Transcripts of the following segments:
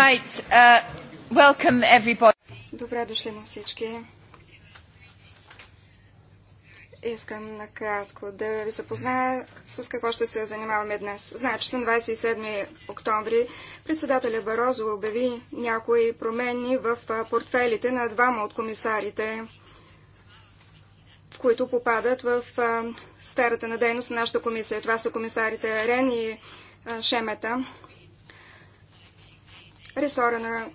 Right, uh, welcome everybody. Добре дошли на всички. Искам накратко да ви запозная с какво ще се занимаваме днес. Значи, на 27 октомври председателя Барозо обяви някои промени в портфелите на двама от комисарите, които попадат в сферата на дейност на нашата комисия. Това са комисарите Рен и шемета. Ресора на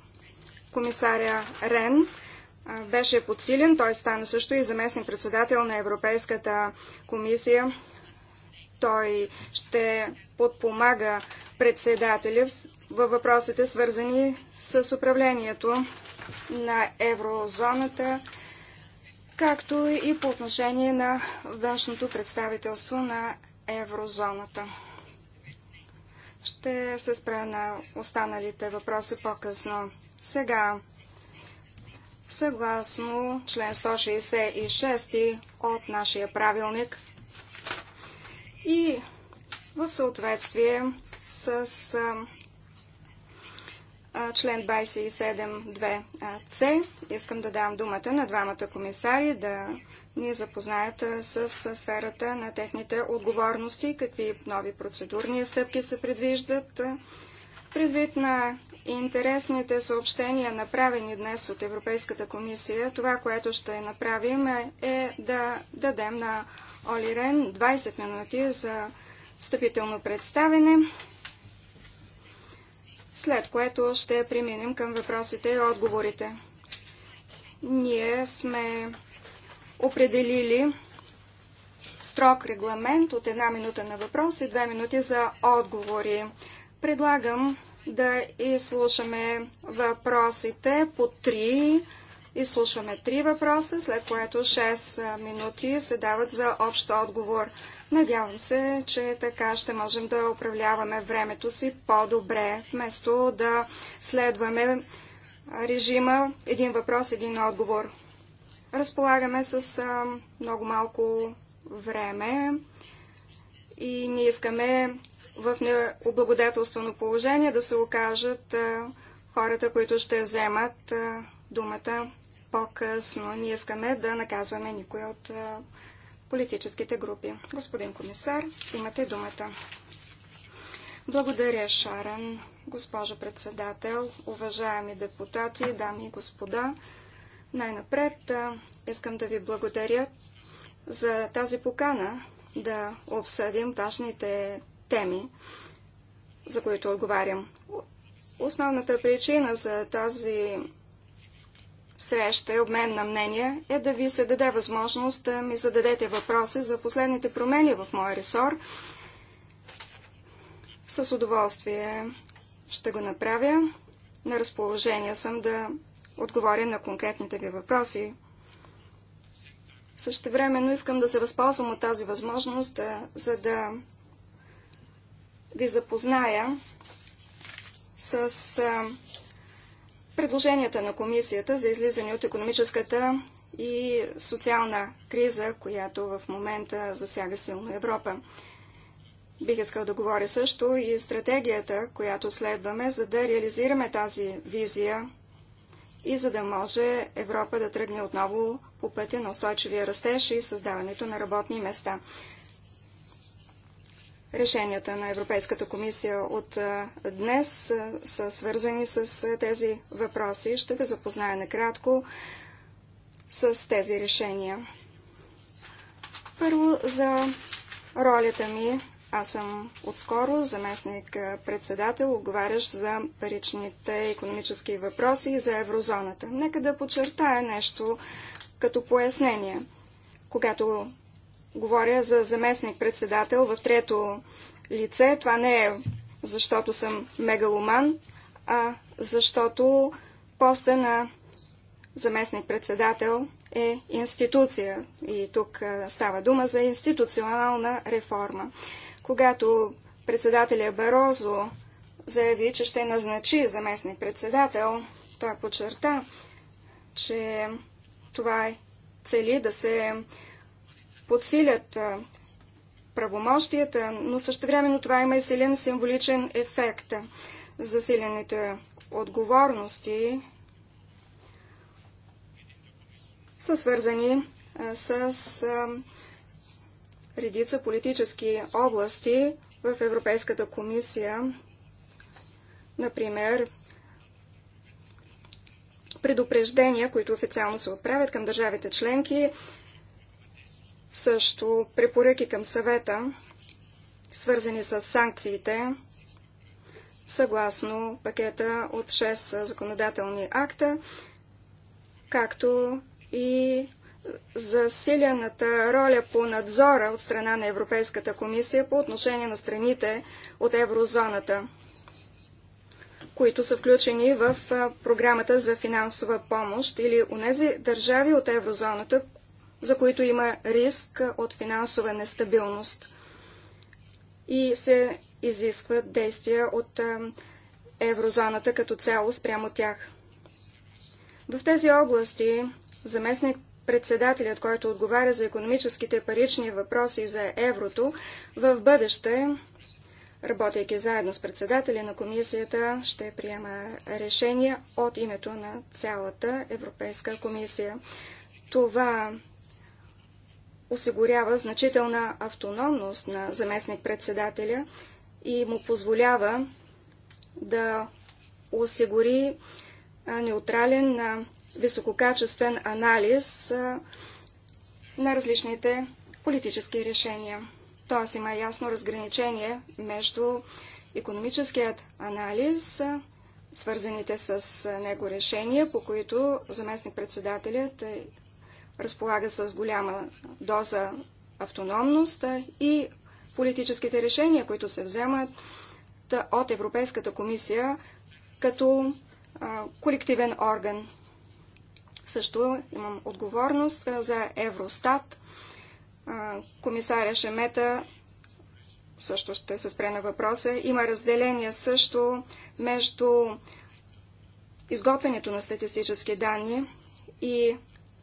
комисаря Рен беше подсилен. Той стана също и заместник-председател на Европейската комисия. Той ще подпомага председателя във въпросите, свързани с управлението на еврозоната, както и по отношение на външното представителство на еврозоната. Ще се спра на останалите въпроси по-късно. Сега, съгласно член 166 от нашия правилник и в съответствие с член 27.2c. Искам да дам думата на двамата комисари да ни запознаят с сферата на техните отговорности, какви нови процедурни стъпки се предвиждат. Предвид на интересните съобщения, направени днес от Европейската комисия, това, което ще направим е, е да дадем на Оли Рен 20 минути за встъпително представене след което ще преминем към въпросите и отговорите. Ние сме определили строг регламент от една минута на въпрос и две минути за отговори. Предлагам да изслушаме въпросите по три. Изслушваме три въпроса, след което 6 минути се дават за общ отговор. Надявам се, че така ще можем да управляваме времето си по-добре, вместо да следваме режима един въпрос, един отговор. Разполагаме с много малко време и не искаме в необлагодетелствено положение да се окажат хората, които ще вземат думата по-късно. Не искаме да наказваме никой от политическите групи. Господин комисар, имате думата. Благодаря, Шаран, госпожо председател, уважаеми депутати, дами и господа. Най-напред искам да ви благодаря за тази покана да обсъдим важните теми, за които отговарям. Основната причина за тази среща и обмен на мнения е да ви се даде възможност да ми зададете въпроси за последните промени в моя ресор. С удоволствие ще го направя. На разположение съм да отговоря на конкретните ви въпроси. Същевременно искам да се възползвам от тази възможност, да, за да ви запозная с а, предложенията на комисията за излизане от економическата и социална криза, която в момента засяга силно Европа. Бих искал да говоря също и стратегията, която следваме, за да реализираме тази визия и за да може Европа да тръгне отново по пътя на устойчивия растеж и създаването на работни места. Решенията на Европейската комисия от днес са свързани с тези въпроси. Ще ви запозная накратко с тези решения. Първо за ролята ми. Аз съм отскоро заместник председател, отговарящ за паричните економически въпроси и за еврозоната. Нека да подчертая нещо като пояснение. Когато Говоря за заместник-председател в трето лице. Това не е защото съм мегаломан, а защото поста на заместник-председател е институция. И тук става дума за институционална реформа. Когато председателя Барозо заяви, че ще назначи заместник-председател, той подчерта, че това цели да се подсилят правомощията, но същевременно това има и силен символичен ефект. Засилените отговорности са свързани с редица политически области в Европейската комисия, например предупреждения, които официално се отправят към държавите членки също препоръки към съвета, свързани с санкциите, съгласно пакета от 6 законодателни акта, както и засилената роля по надзора от страна на Европейската комисия по отношение на страните от еврозоната, които са включени в програмата за финансова помощ или унези държави от еврозоната, за които има риск от финансова нестабилност. И се изискват действия от еврозоната като цяло спрямо тях. В тези области заместник председателят, който отговаря за економическите парични въпроси за еврото, в бъдеще, работейки заедно с председателя на комисията, ще приема решения от името на цялата Европейска комисия. Това осигурява значителна автономност на заместник-председателя и му позволява да осигури неутрален, висококачествен анализ на различните политически решения. Тоест има ясно разграничение между економическият анализ, свързаните с него решения, по които заместник-председателят е разполага с голяма доза автономност и политическите решения, които се вземат от Европейската комисия като колективен орган. Също имам отговорност за Евростат. комисаря Шемета също ще се спре на въпроса. Има разделение също между изготвянето на статистически данни и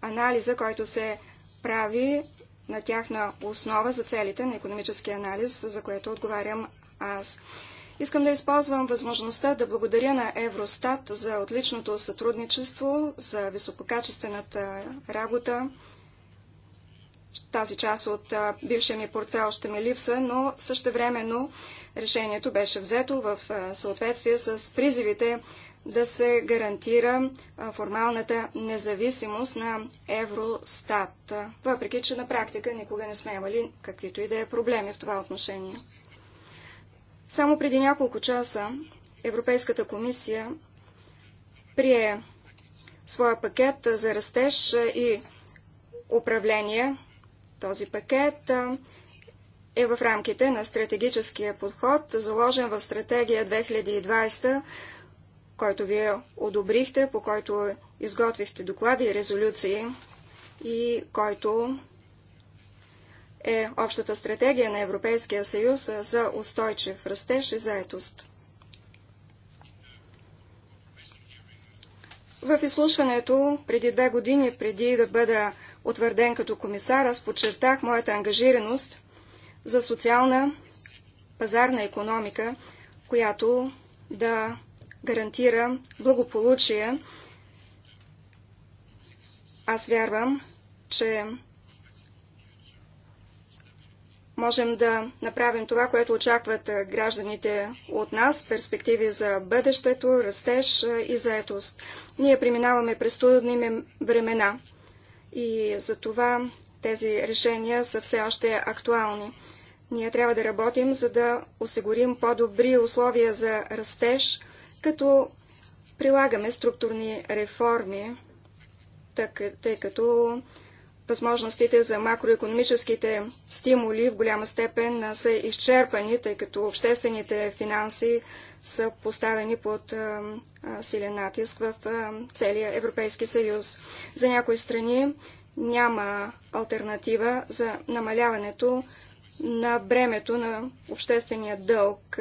анализа, който се прави на тяхна основа за целите на економически анализ, за което отговарям аз. Искам да използвам възможността да благодаря на Евростат за отличното сътрудничество, за висококачествената работа. Тази част от бившия ми портфел ще ми липса, но същевременно решението беше взето в съответствие с призивите да се гарантира формалната независимост на Евростат, въпреки че на практика никога не сме имали каквито и да е проблеми в това отношение. Само преди няколко часа Европейската комисия прие своя пакет за растеж и управление. Този пакет е в рамките на стратегическия подход, заложен в стратегия 2020 който вие одобрихте, по който изготвихте доклади и резолюции и който е общата стратегия на Европейския съюз за устойчив растеж и заетост. В изслушването преди две години, преди да бъда утвърден като комисар, аз подчертах моята ангажираност за социална пазарна економика, която да гарантира благополучие. Аз вярвам, че можем да направим това, което очакват гражданите от нас, перспективи за бъдещето, растеж и заетост. Ние преминаваме през трудни времена и за това тези решения са все още актуални. Ние трябва да работим, за да осигурим по-добри условия за растеж – като прилагаме структурни реформи, тъй като възможностите за макроекономическите стимули в голяма степен са изчерпани, тъй като обществените финанси са поставени под силен натиск в целия Европейски съюз. За някои страни няма альтернатива за намаляването на бремето на обществения дълг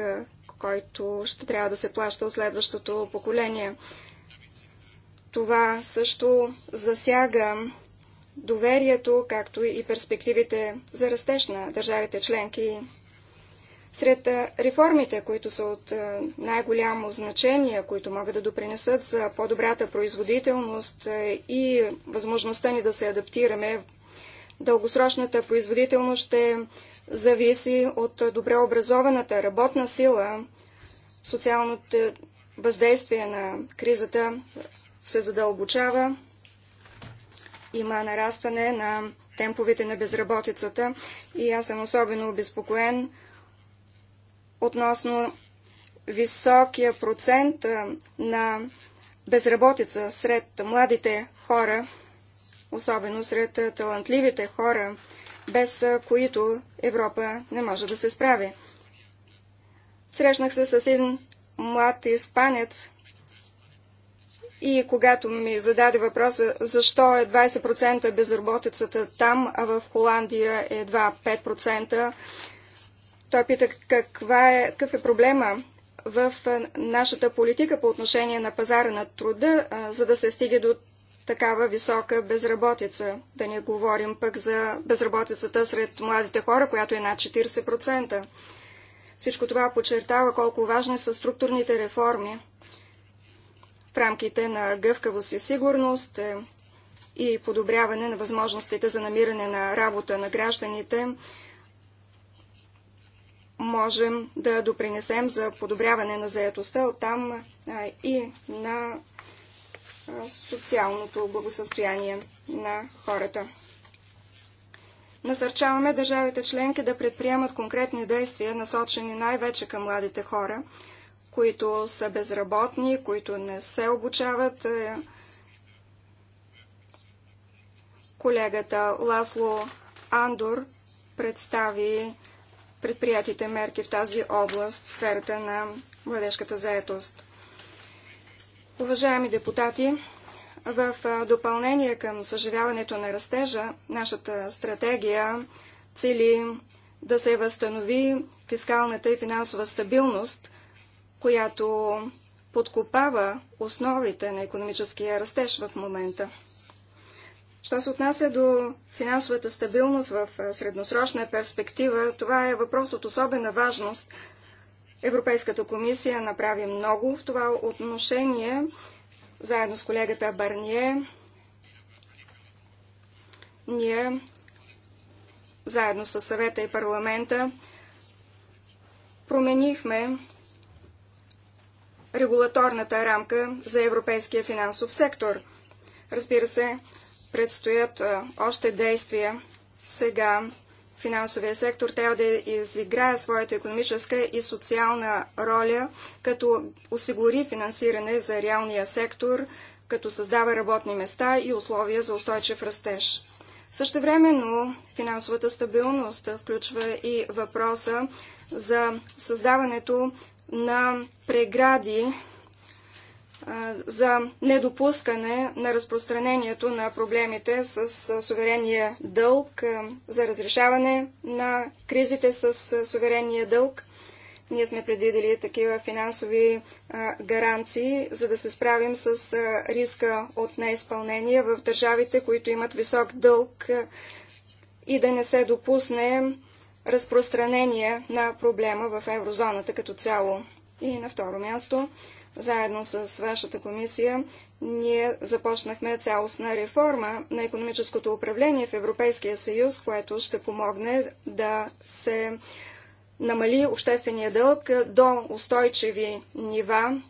който ще трябва да се плаща от следващото поколение. Това също засяга доверието, както и перспективите за растеж на държавите членки. Сред реформите, които са от най-голямо значение, които могат да допринесат за по-добрата производителност и възможността ни да се адаптираме, дългосрочната производителност ще зависи от добре образованата работна сила. Социалното въздействие на кризата се задълбочава. Има нарастване на темповете на безработицата и аз съм особено обезпокоен относно високия процент на безработица сред младите хора, особено сред талантливите хора без които Европа не може да се справи. Срещнах се с един млад испанец и когато ми зададе въпроса защо е 20% безработицата там, а в Холандия е 2 5%, той пита каква е, какъв е проблема в нашата политика по отношение на пазара на труда, за да се стиге до такава висока безработица. Да не говорим пък за безработицата сред младите хора, която е над 40%. Всичко това подчертава колко важни са структурните реформи в рамките на гъвкавост и сигурност е, и подобряване на възможностите за намиране на работа на гражданите, можем да допринесем за подобряване на заетостта, оттам е, и на социалното благосъстояние на хората. Насърчаваме държавите членки да предприемат конкретни действия, насочени най-вече към младите хора, които са безработни, които не се обучават. Е, колегата Ласло Андор представи предприятите мерки в тази област, в сферата на младежката заетост. Уважаеми депутати, в допълнение към съживяването на растежа, нашата стратегия цели да се възстанови фискалната и финансова стабилност, която подкопава основите на економическия растеж в момента. Що се отнася до финансовата стабилност в средносрочна перспектива, това е въпрос от особена важност, Европейската комисия направи много в това отношение, заедно с колегата Барние. Ние, заедно с съвета и парламента, променихме регулаторната рамка за европейския финансов сектор. Разбира се, предстоят още действия. Сега финансовия сектор трябва да изиграе своята економическа и социална роля, като осигури финансиране за реалния сектор, като създава работни места и условия за устойчив растеж. Също Същевременно финансовата стабилност включва и въпроса за създаването на прегради за недопускане на разпространението на проблемите с суверения дълг, за разрешаване на кризите с суверения дълг. Ние сме предвидели такива финансови гаранции, за да се справим с риска от неизпълнение в държавите, които имат висок дълг и да не се допусне разпространение на проблема в еврозоната като цяло. И на второ място заедно с вашата комисия ние започнахме цялостна реформа на економическото управление в Европейския съюз, което ще помогне да се намали обществения дълг до устойчиви нива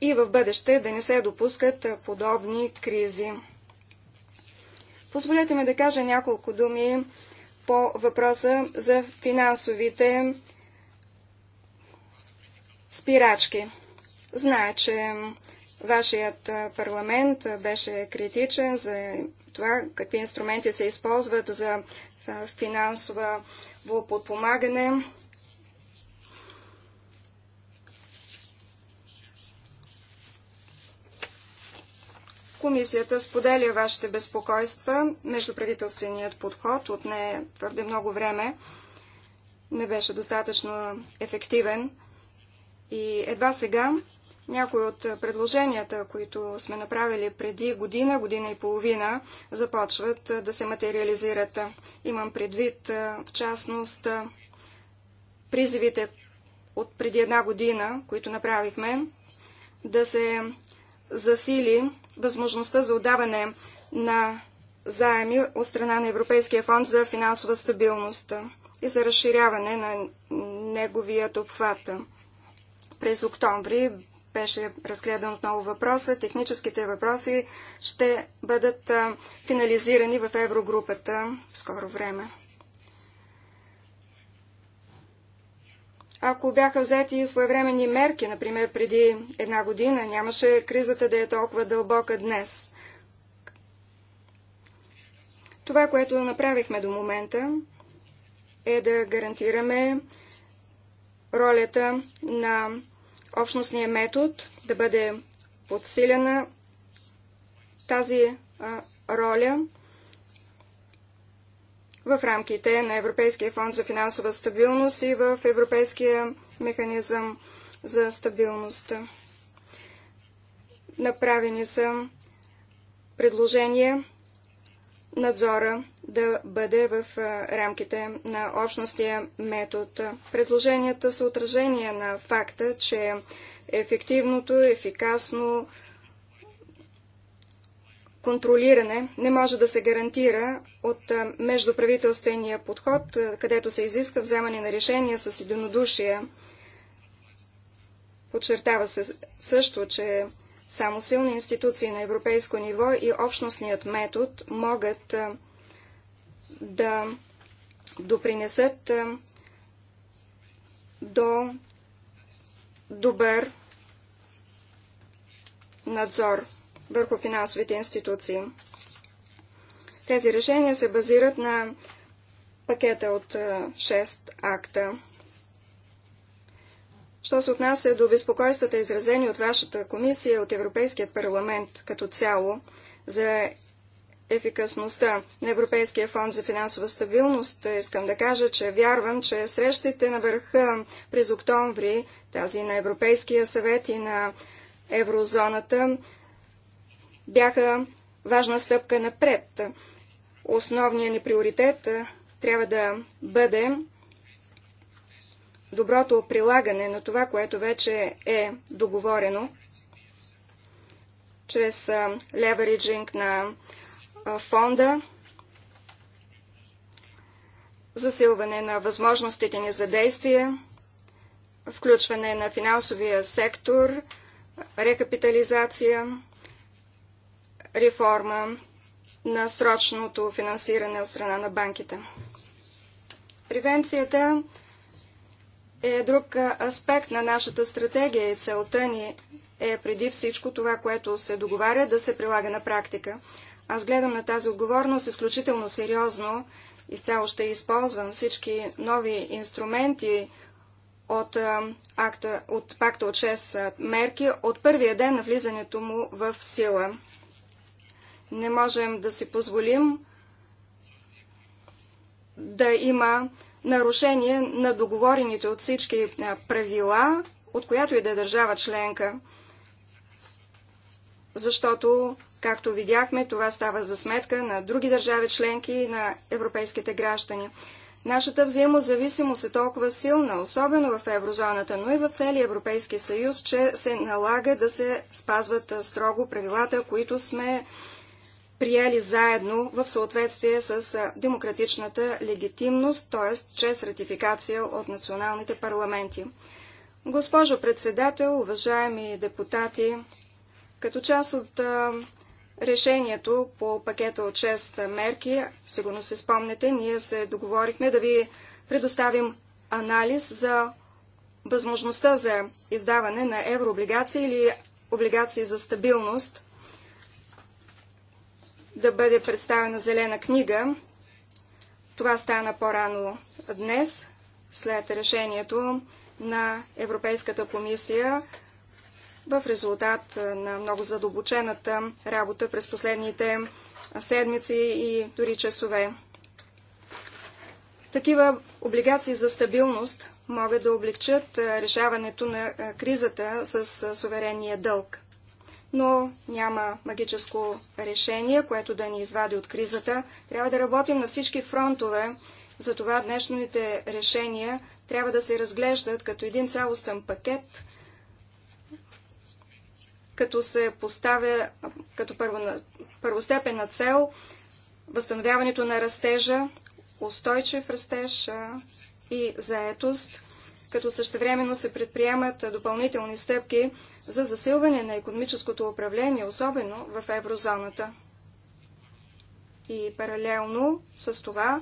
и в бъдеще да не се допускат подобни кризи. Позволете ми да кажа няколко думи по въпроса за финансовите спирачки. Знае, че вашият парламент беше критичен за това какви инструменти се използват за финансово подпомагане. Комисията споделя вашите безпокойства. Междуправителственият подход от не твърде много време. Не беше достатъчно ефективен. И едва сега някои от предложенията, които сме направили преди година, година и половина, започват да се материализират. Имам предвид, в частност, призивите от преди една година, които направихме, да се засили възможността за отдаване на заеми от страна на Европейския фонд за финансова стабилност и за разширяване на неговият обхват. През октомври беше разгледан отново въпроса. Техническите въпроси ще бъдат финализирани в Еврогрупата в скоро време. Ако бяха взети своевременни мерки, например преди една година, нямаше кризата да е толкова дълбока днес. Това, което направихме до момента, е да гарантираме ролята на общностния метод да бъде подсилена тази а, роля в рамките на Европейския фонд за финансова стабилност и в Европейския механизъм за стабилност. Направени са предложения надзора да бъде в рамките на общностия метод. Предложенията са отражение на факта, че ефективното, ефикасно контролиране не може да се гарантира от междуправителствения подход, където се изисква вземане на решения с единодушие. Подчертава се също, че само силни институции на европейско ниво и общностният метод могат да допринесат до добър надзор върху финансовите институции. Тези решения се базират на пакета от 6 акта. Що се отнася до безпокойствата, изразени от вашата комисия, от Европейският парламент като цяло, за ефикасността на Европейския фонд за финансова стабилност, искам да кажа, че вярвам, че срещите на върха през октомври, тази на Европейския съвет и на еврозоната, бяха важна стъпка напред. Основният ни приоритет трябва да бъде доброто прилагане на това, което вече е договорено чрез левериджинг на фонда, засилване на възможностите ни за действие, включване на финансовия сектор, рекапитализация, реформа на срочното финансиране от страна на банките. Превенцията е друг аспект на нашата стратегия и целта ни е преди всичко това, което се договаря, да се прилага на практика. Аз гледам на тази отговорност изключително сериозно. Изцяло ще използвам всички нови инструменти от, акта, от пакта от 6 мерки от първия ден на влизането му в сила. Не можем да си позволим да има нарушение на договорените от всички е, правила, от която и да е държава членка. Защото, както видяхме, това става за сметка на други държави членки и на европейските граждани. Нашата взаимозависимост е толкова силна, особено в еврозоната, но и в целия Европейски съюз, че се налага да се спазват е, строго правилата, които сме приели заедно в съответствие с демократичната легитимност, т.е. чрез ратификация от националните парламенти. Госпожо председател, уважаеми депутати, като част от решението по пакета от 6 мерки, сигурно се спомнете, ние се договорихме да ви предоставим анализ за възможността за издаване на еврооблигации или облигации за стабилност – да бъде представена зелена книга. Това стана по-рано днес, след решението на Европейската комисия в резултат на много задълбочената работа през последните седмици и дори часове. Такива облигации за стабилност могат да облегчат решаването на кризата с суверения дълг но няма магическо решение, което да ни извади от кризата. Трябва да работим на всички фронтове, затова днешните решения трябва да се разглеждат като един цялостен пакет, като се поставя като първо, първостепенна цел възстановяването на растежа, устойчив растеж и заетост, като същевременно се предприемат допълнителни стъпки за засилване на економическото управление, особено в еврозоната. И паралелно с това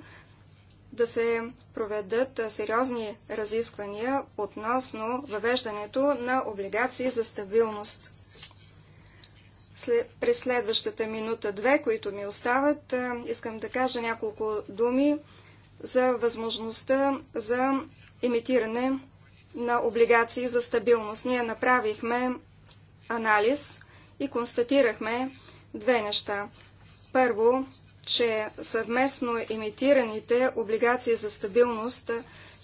да се проведат сериозни разисквания относно въвеждането на облигации за стабилност. през следващата минута две, които ми остават, искам да кажа няколко думи за възможността за емитиране на облигации за стабилност. Ние направихме анализ и констатирахме две неща. Първо, че съвместно емитираните облигации за стабилност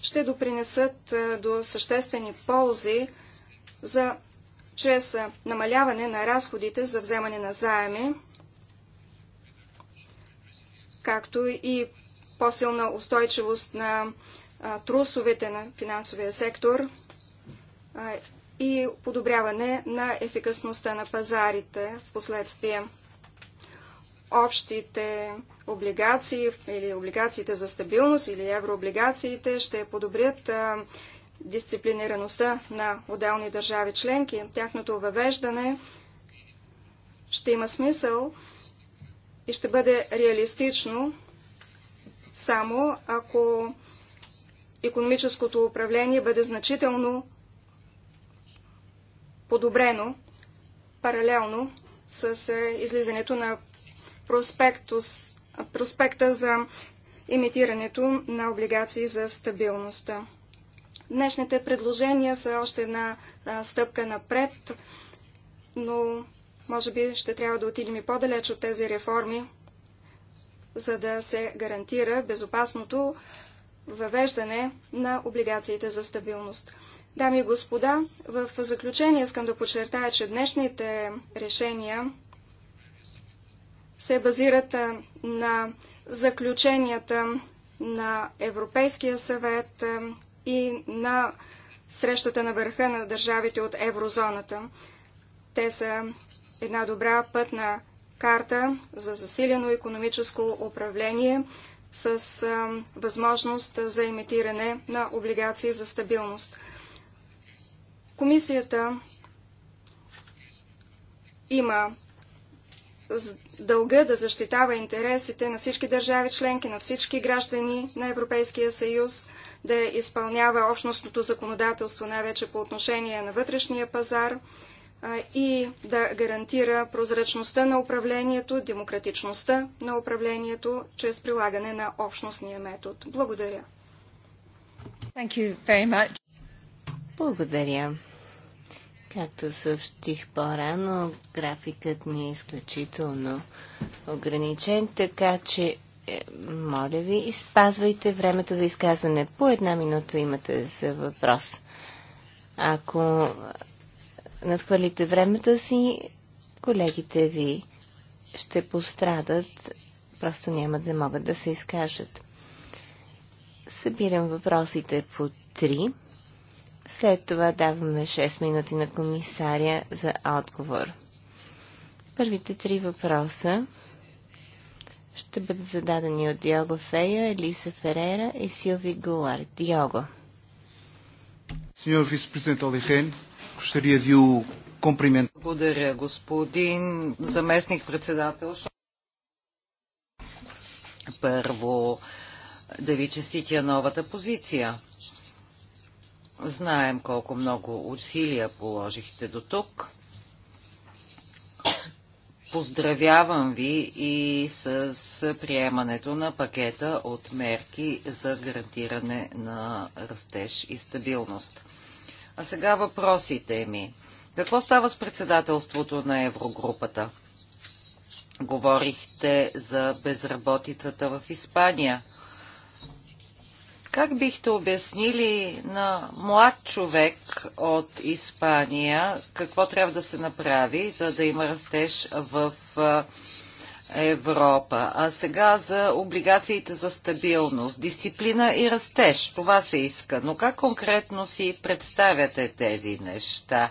ще допринесат до съществени ползи за, чрез намаляване на разходите за вземане на заеми, както и по-силна устойчивост на трусовете на финансовия сектор и подобряване на ефикасността на пазарите в последствие. Общите облигации или облигациите за стабилност или еврооблигациите ще подобрят дисциплинираността на отделни държави членки. Тяхното въвеждане ще има смисъл и ще бъде реалистично само ако економическото управление бъде значително подобрено паралелно с е, излизането на проспектус, проспекта за имитирането на облигации за стабилността. Днешните предложения са още една стъпка напред, но може би ще трябва да отидем и по-далеч от тези реформи, за да се гарантира безопасното въвеждане на облигациите за стабилност. Дами и господа, в заключение искам да подчертая, че днешните решения се базират на заключенията на Европейския съвет и на срещата на върха на държавите от еврозоната. Те са една добра пътна карта за засилено економическо управление, с а, възможност за имитиране на облигации за стабилност. Комисията има дълга да защитава интересите на всички държави членки, на всички граждани на Европейския съюз, да изпълнява общностното законодателство, най-вече по отношение на вътрешния пазар и да гарантира прозрачността на управлението, демократичността на управлението чрез прилагане на общностния метод. Благодаря. Thank you very much. Благодаря. Както съобщих по-рано, графикът ни е изключително ограничен, така че е, моля ви, изпазвайте времето за изказване. По една минута имате за въпрос. Ако надхвърлите времето си, колегите ви ще пострадат, просто няма да могат да се изкажат. Събирам въпросите по три. След това даваме 6 минути на комисаря за отговор. Първите три въпроса ще бъдат зададени от Диого Фейо, Елиса Ферера и Силви Гулар. Диого. Сеньор вице-президент Олихен, Gostaria de o cumprimentar. Благодаря, господин заместник председател. Първо, да ви честитя новата позиция. Знаем колко много усилия положихте до тук. Поздравявам ви и с приемането на пакета от мерки за гарантиране на растеж и стабилност. А сега въпросите ми. Какво става с председателството на Еврогрупата? Говорихте за безработицата в Испания. Как бихте обяснили на млад човек от Испания какво трябва да се направи, за да има растеж в Европа. А сега за облигациите за стабилност, дисциплина и растеж. Това се иска. Но как конкретно си представяте тези неща?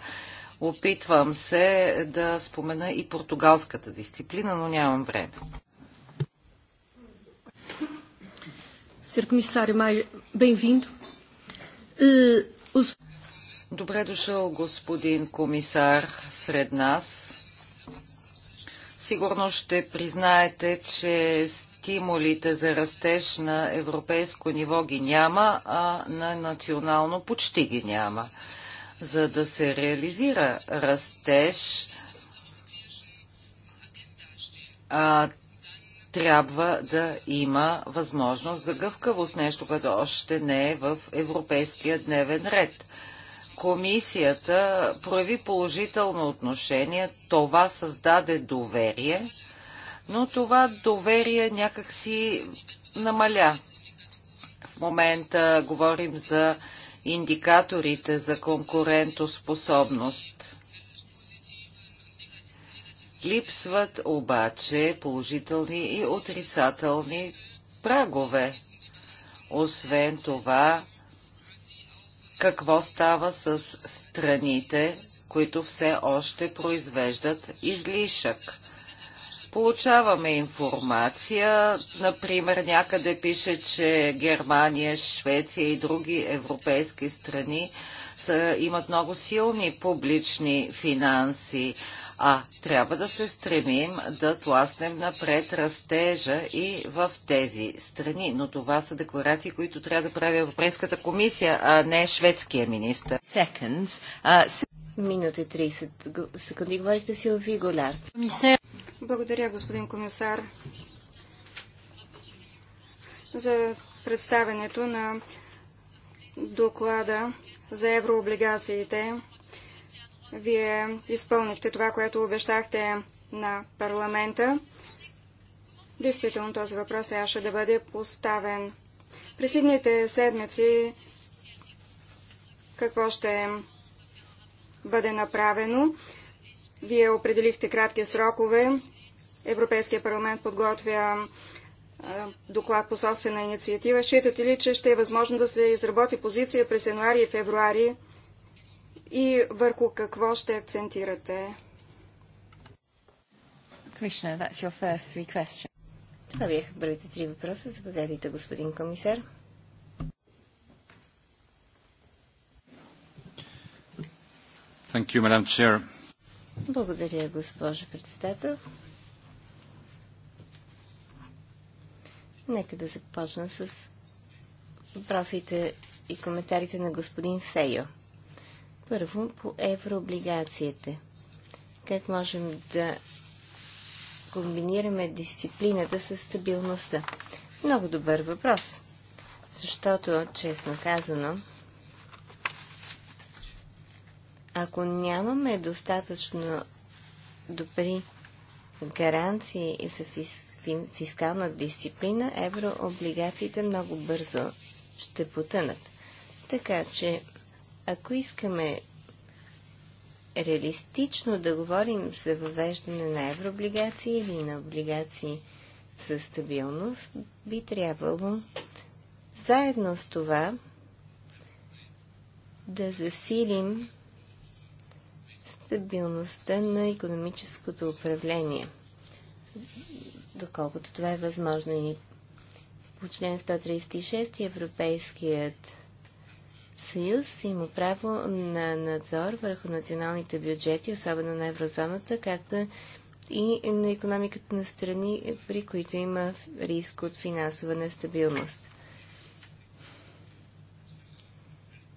Опитвам се да спомена и португалската дисциплина, но нямам време. Е, Добре дошъл, господин комисар, сред нас. Сигурно ще признаете, че стимулите за растеж на европейско ниво ги няма, а на национално почти ги няма. За да се реализира растеж, а, трябва да има възможност за гъвкавост, нещо, което още не е в европейския дневен ред комисията прояви положително отношение, това създаде доверие, но това доверие някакси намаля. В момента говорим за индикаторите за конкурентоспособност. Липсват обаче положителни и отрицателни прагове. Освен това, какво става с страните, които все още произвеждат излишък. Получаваме информация, например някъде пише, че Германия, Швеция и други европейски страни са, имат много силни публични финанси, а трябва да се стремим да тласнем напред растежа и в тези страни. Но това са декларации, които трябва да прави Европейската комисия, а не шведския министр. Минути 30 секунди говорихте Силви Голяр. Благодаря, господин комисар, за представенето на доклада за еврооблигациите. Вие изпълнихте това, което обещахте на парламента. Действително този въпрос трябваше да бъде поставен. През идните седмици какво ще бъде направено? Вие определихте кратки срокове. Европейския парламент подготвя доклад по собствена инициатива. Считате ли, че ще е възможно да се изработи позиция през януари и февруари и върху какво ще акцентирате? Това бяха първите три въпроса. Заповядайте, господин комисар. You, Благодаря, госпожо председател. Нека да започна с въпросите и коментарите на господин Фейо. Първо по еврооблигациите. Как можем да комбинираме дисциплината с стабилността? Много добър въпрос. Защото, честно казано, ако нямаме достатъчно добри гаранции за фискална дисциплина, еврооблигациите много бързо ще потънат. Така че ако искаме реалистично да говорим за въвеждане на еврооблигации или на облигации за стабилност, би трябвало заедно с това да засилим стабилността на економическото управление, доколкото това е възможно и по член 136 Европейският съюз има право на надзор върху националните бюджети, особено на еврозоната, както и на економиката на страни, при които има риск от финансова нестабилност.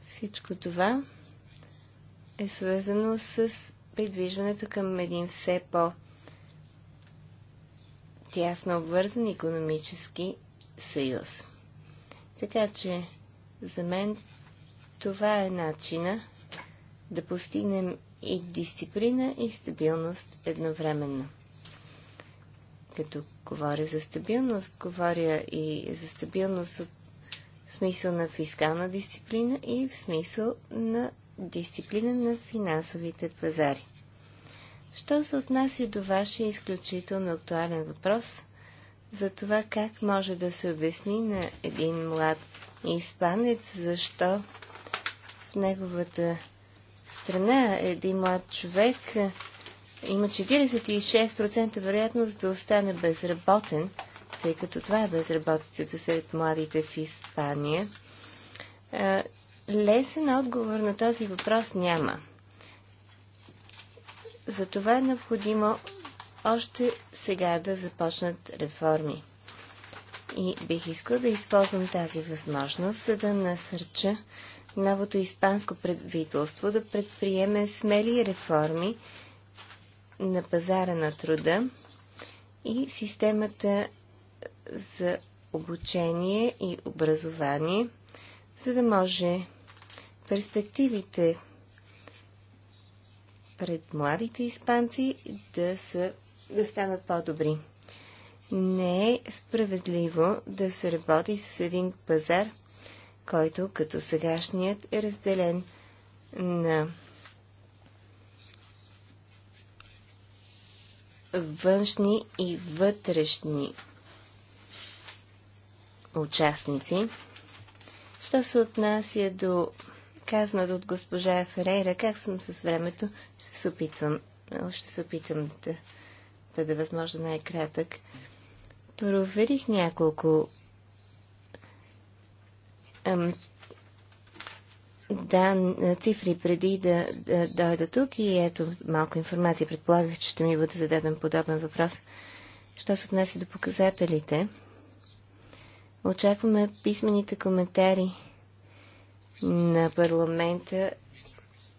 Всичко това е свързано с придвижването към един все по- тясно обвързан економически съюз. Така че за мен това е начина да постигнем и дисциплина, и стабилност едновременно. Като говоря за стабилност, говоря и за стабилност от в смисъл на фискална дисциплина и в смисъл на дисциплина на финансовите пазари. Що се отнася до вашия изключително актуален въпрос за това как може да се обясни на един млад испанец защо в неговата страна един млад човек има 46% вероятност да остане безработен, тъй като това е безработицата сред младите в Испания. Лесен отговор на този въпрос няма. Затова е необходимо още сега да започнат реформи. И бих искал да използвам тази възможност, за да насърча новото испанско правителство да предприеме смели реформи на пазара на труда и системата за обучение и образование, за да може перспективите пред младите испанци да, са, да станат по-добри. Не е справедливо да се работи с един пазар, който като сегашният е разделен на външни и вътрешни участници. Що се отнася до казаното от госпожа Ферейра, как съм с времето, ще се опитвам, ще се опитам да бъда възможно най-кратък. Проверих няколко да, цифри преди да, да дойда тук и ето малко информация. Предполагах, че ще ми бъде зададен подобен въпрос. Що се отнася до показателите? Очакваме писмените коментари на парламента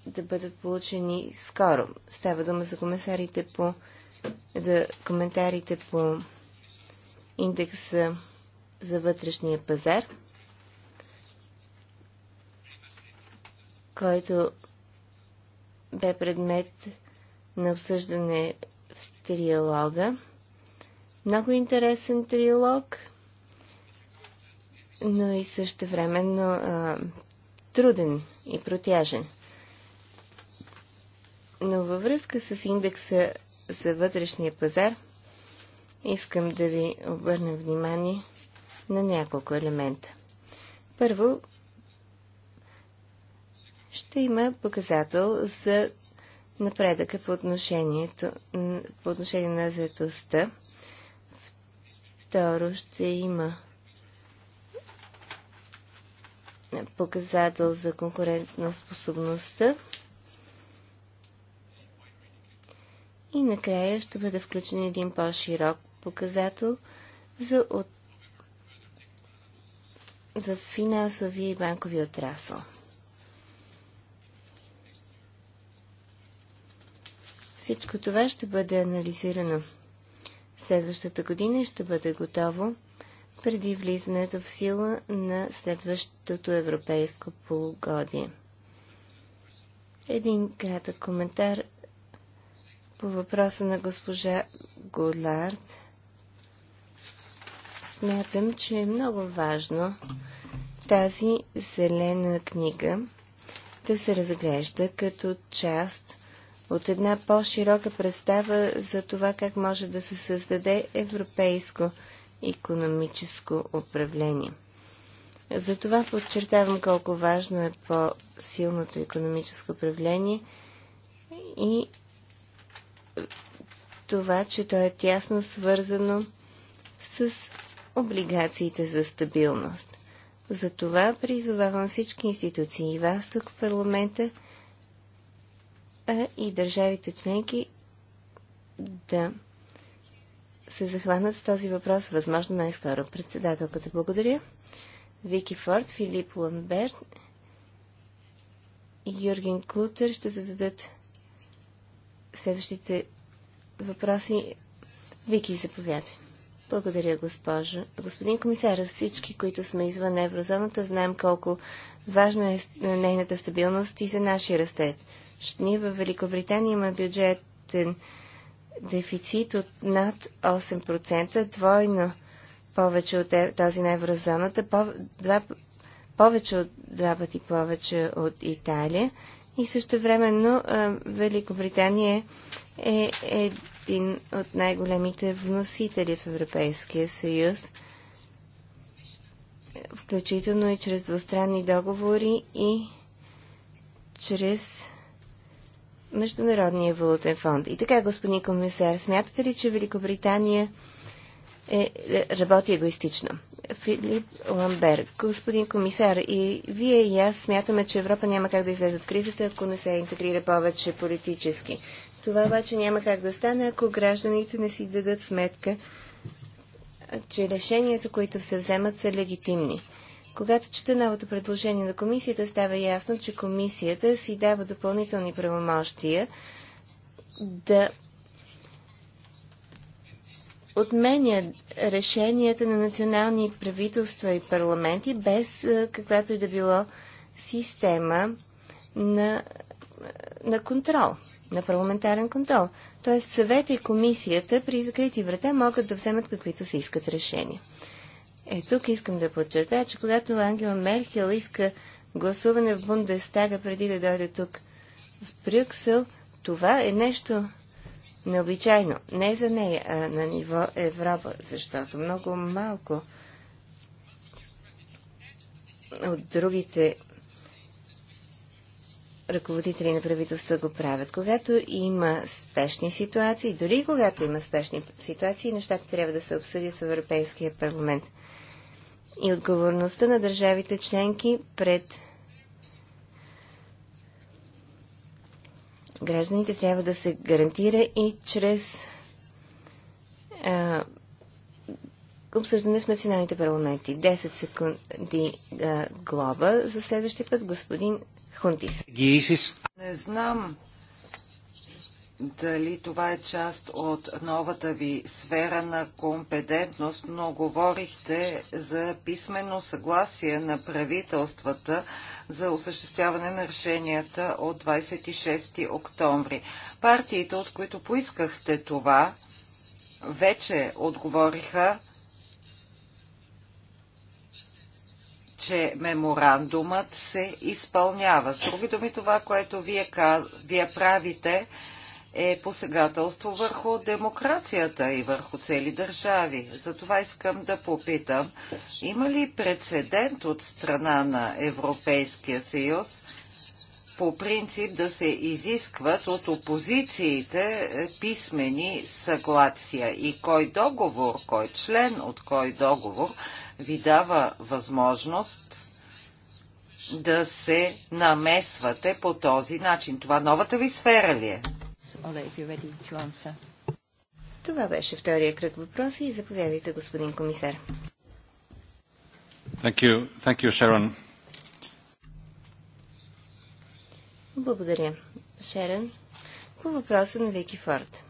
да бъдат получени скоро. Става дума за коментарите по, да, коментарите по индекса за вътрешния пазар – който бе предмет на обсъждане в триалога. Много интересен триалог, но и също времено труден и протяжен. Но във връзка с индекса за вътрешния пазар, искам да ви обърна внимание на няколко елемента. Първо, ще има показател за напредъка по, отношението, по отношение на заедостта. Второ, ще има показател за конкурентна способността. И накрая ще бъде включен един по-широк показател за, от... за финансови и банкови отрасъл. Всичко това ще бъде анализирано. Следващата година ще бъде готово преди влизането в сила на следващото европейско полугодие. Един кратък коментар по въпроса на госпожа Голард. Смятам, че е много важно тази зелена книга да се разглежда като част от една по-широка представа за това как може да се създаде европейско економическо управление. Затова подчертавам колко важно е по-силното економическо управление и това, че то е тясно свързано с облигациите за стабилност. Затова призовавам всички институции и вас тук в парламента – а и държавите членки да се захванат с този въпрос възможно най-скоро. Председателката благодаря. Вики Форд, Филип Ламберт и Юрген Клутер ще зададат следващите въпроси. Вики, заповядай. Благодаря, госпожо. Господин комисар, всички, които сме извън еврозоната, знаем колко важна е нейната стабилност и за нашия растеж. Ние в Великобритания има бюджетен дефицит от над 8%, двойно повече от е- този на еврозоната, по, два, повече от два пъти повече от Италия. И също времено Великобритания е един от най-големите вносители в Европейския съюз, включително и чрез двустранни договори и чрез Международния валутен фонд. И така, господин комисар, смятате ли, че Великобритания е, е, работи егоистично? Филип Ламберг, господин комисар, и вие и аз смятаме, че Европа няма как да излезе от кризата, ако не се интегрира повече политически. Това обаче няма как да стане, ако гражданите не си дадат сметка, че решенията, които се вземат, са легитимни. Когато чета новото предложение на комисията, става ясно, че комисията си дава допълнителни правомощия да отменя решенията на национални правителства и парламенти без каквато и да било система на, на контрол, на парламентарен контрол. Тоест съвета и комисията при закрити врата могат да вземат каквито се искат решения. Е, тук искам да подчертая, че когато Ангел Меркел иска гласуване в Бундестага преди да дойде тук в Брюксел, това е нещо необичайно. Не за нея, а на ниво Европа, защото много малко от другите ръководители на правителства го правят. Когато има спешни ситуации, дори когато има спешни ситуации, нещата трябва да се обсъдят в Европейския парламент и отговорността на държавите членки пред гражданите трябва да се гарантира и чрез а, обсъждане в националните парламенти. 10 секунди а, глоба за следващия път господин Хунтис. Не знам дали това е част от новата ви сфера на компетентност, но говорихте за писменно съгласие на правителствата за осъществяване на решенията от 26 октомври. Партиите, от които поискахте това, вече отговориха, че меморандумът се изпълнява. С други думи, това, което вие, вие правите, е посегателство върху демокрацията и върху цели държави. Затова искам да попитам, има ли прецедент от страна на Европейския съюз по принцип да се изискват от опозициите е, писмени съгласия и кой договор, кой член от кой договор ви дава възможност да се намесвате по този начин. Това новата ви сфера ли е? if you're ready to answer. Това беше втория кръг въпроси и заповядайте, господин комисар. Thank you. Thank you, Sharon. Благодаря, Шерен. По въпроса на Вики Форд.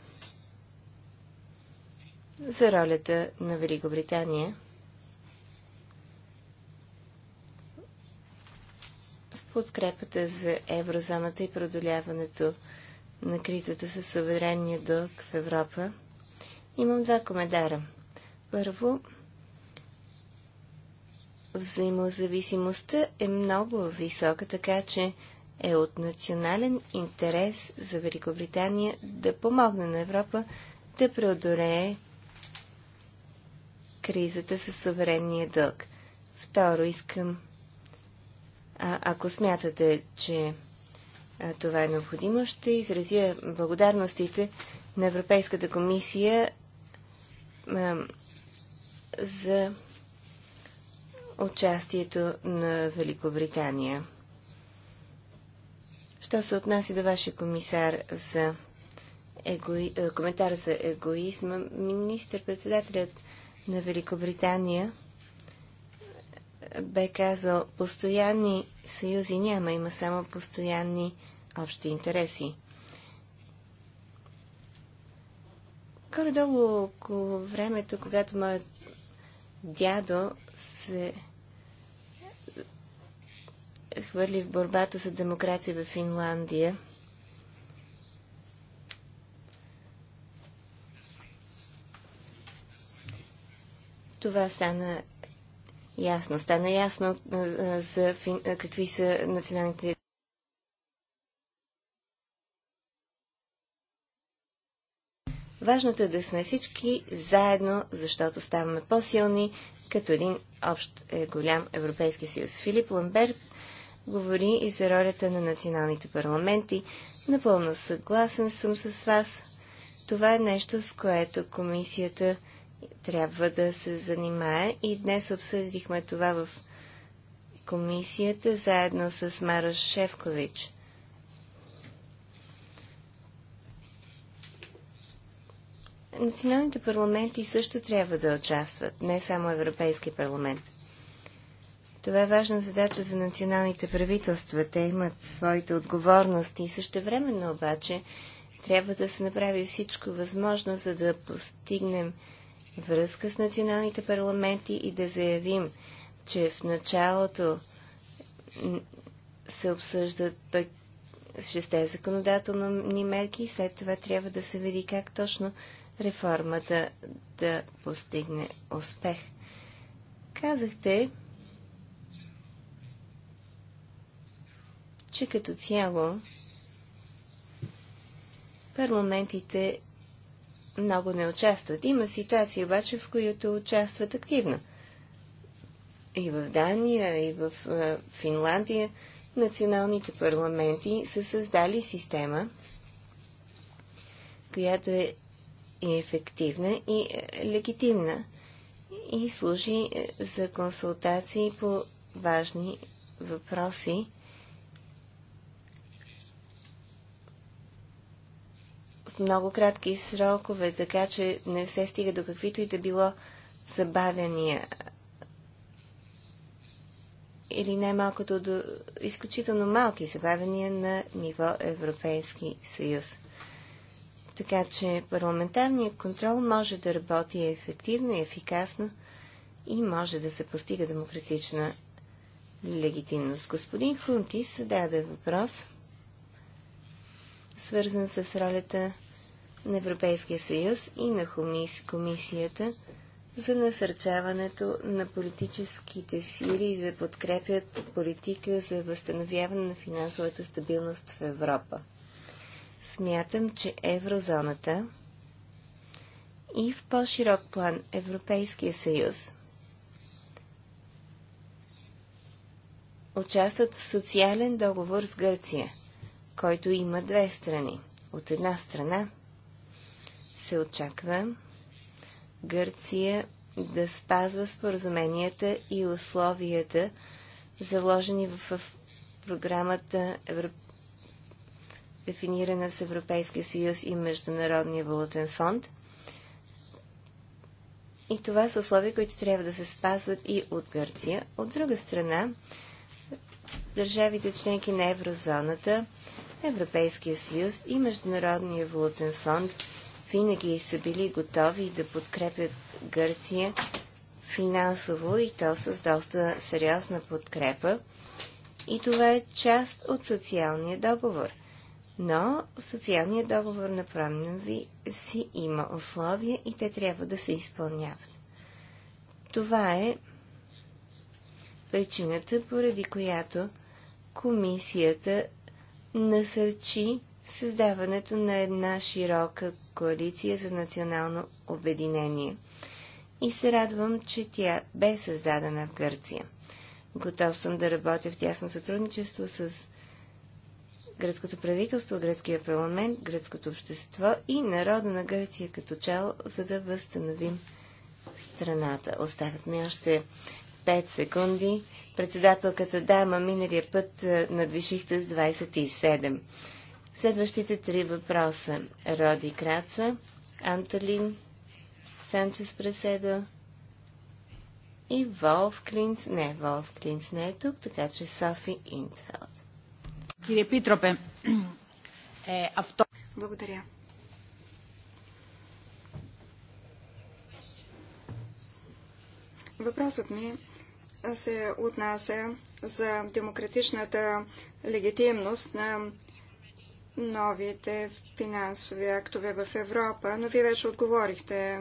За ролята на Великобритания в подкрепата за еврозоната и продоляването на кризата със суверенния дълг в Европа, имам два коментара. Първо, взаимозависимостта е много висока, така че е от национален интерес за Великобритания да помогне на Европа да преодолее кризата със суверенния дълг. Второ, искам, а, ако смятате, че това е необходимо. Ще изразя благодарностите на Европейската комисия за участието на Великобритания. Що се отнася до вашия комисар за егои... Е, коментар за егоизма, министър-председателят на Великобритания бе казал, постоянни съюзи няма, има само постоянни общи интереси. Горе-долу около времето, когато моят дядо се хвърли в борбата за демокрация в Финландия, това стана ясно. Стана ясно за какви са националните Важното е да сме всички заедно, защото ставаме по-силни, като един общ е, голям Европейски съюз. Филип Ламбер говори и за ролята на националните парламенти. Напълно съгласен съм с вас. Това е нещо, с което комисията трябва да се занимае и днес обсъдихме това в комисията заедно с Мара Шевкович. Националните парламенти също трябва да участват, не само Европейски парламент. Това е важна задача за националните правителства. Те имат своите отговорности и същевременно обаче трябва да се направи всичко възможно, за да постигнем връзка с националните парламенти и да заявим, че в началото се обсъждат пък шесте законодателни мерки и след това трябва да се види как точно реформата да постигне успех. Казахте, че като цяло парламентите много не участват. Има ситуации обаче, в които участват активно. И в Дания, и в Финландия националните парламенти са създали система, която е ефективна и е, легитимна и служи е, за консултации по важни въпроси много кратки срокове, така че не се стига до каквито и да било забавяния или най-малкото до изключително малки забавяния на ниво Европейски съюз. Така че парламентарният контрол може да работи ефективно и ефикасно и може да се постига демократична легитимност. Господин Хрунтис зададе въпрос, свързан с ролята на Европейския съюз и на комисията за насърчаването на политическите сили за подкрепят политика за възстановяване на финансовата стабилност в Европа. Смятам, че еврозоната и в по-широк план Европейския съюз участват в социален договор с Гърция, който има две страни. От една страна – се очаква Гърция да спазва споразуменията и условията, заложени в програмата Европ... дефинирана с Европейския съюз и Международния валутен фонд. И това са условия, които трябва да се спазват и от Гърция. От друга страна, държавите членки на еврозоната, Европейския съюз и Международния валутен фонд винаги са били готови да подкрепят Гърция финансово и то с доста сериозна подкрепа. И това е част от социалния договор. Но социалният договор на ви си има условия и те трябва да се изпълняват. Това е причината, поради която комисията насърчи създаването на една широка коалиция за национално обединение. И се радвам, че тя бе създадена в Гърция. Готов съм да работя в тясно сътрудничество с гръцкото правителство, гръцкия парламент, гръцкото общество и народа на Гърция като чал, за да възстановим страната. Оставят ми още 5 секунди. Председателката дама, миналия път надвишихте с 27. Следващите три въпроса. Роди Краца, Антолин, Санчес Преседо и Волф Клинц. Не, Волф Клинц не е тук, така че Софи Интфелд. Кире Питропе, е, авто... Благодаря. Въпросът ми се отнася за демократичната легитимност на новите финансови актове в Европа, но вие вече отговорихте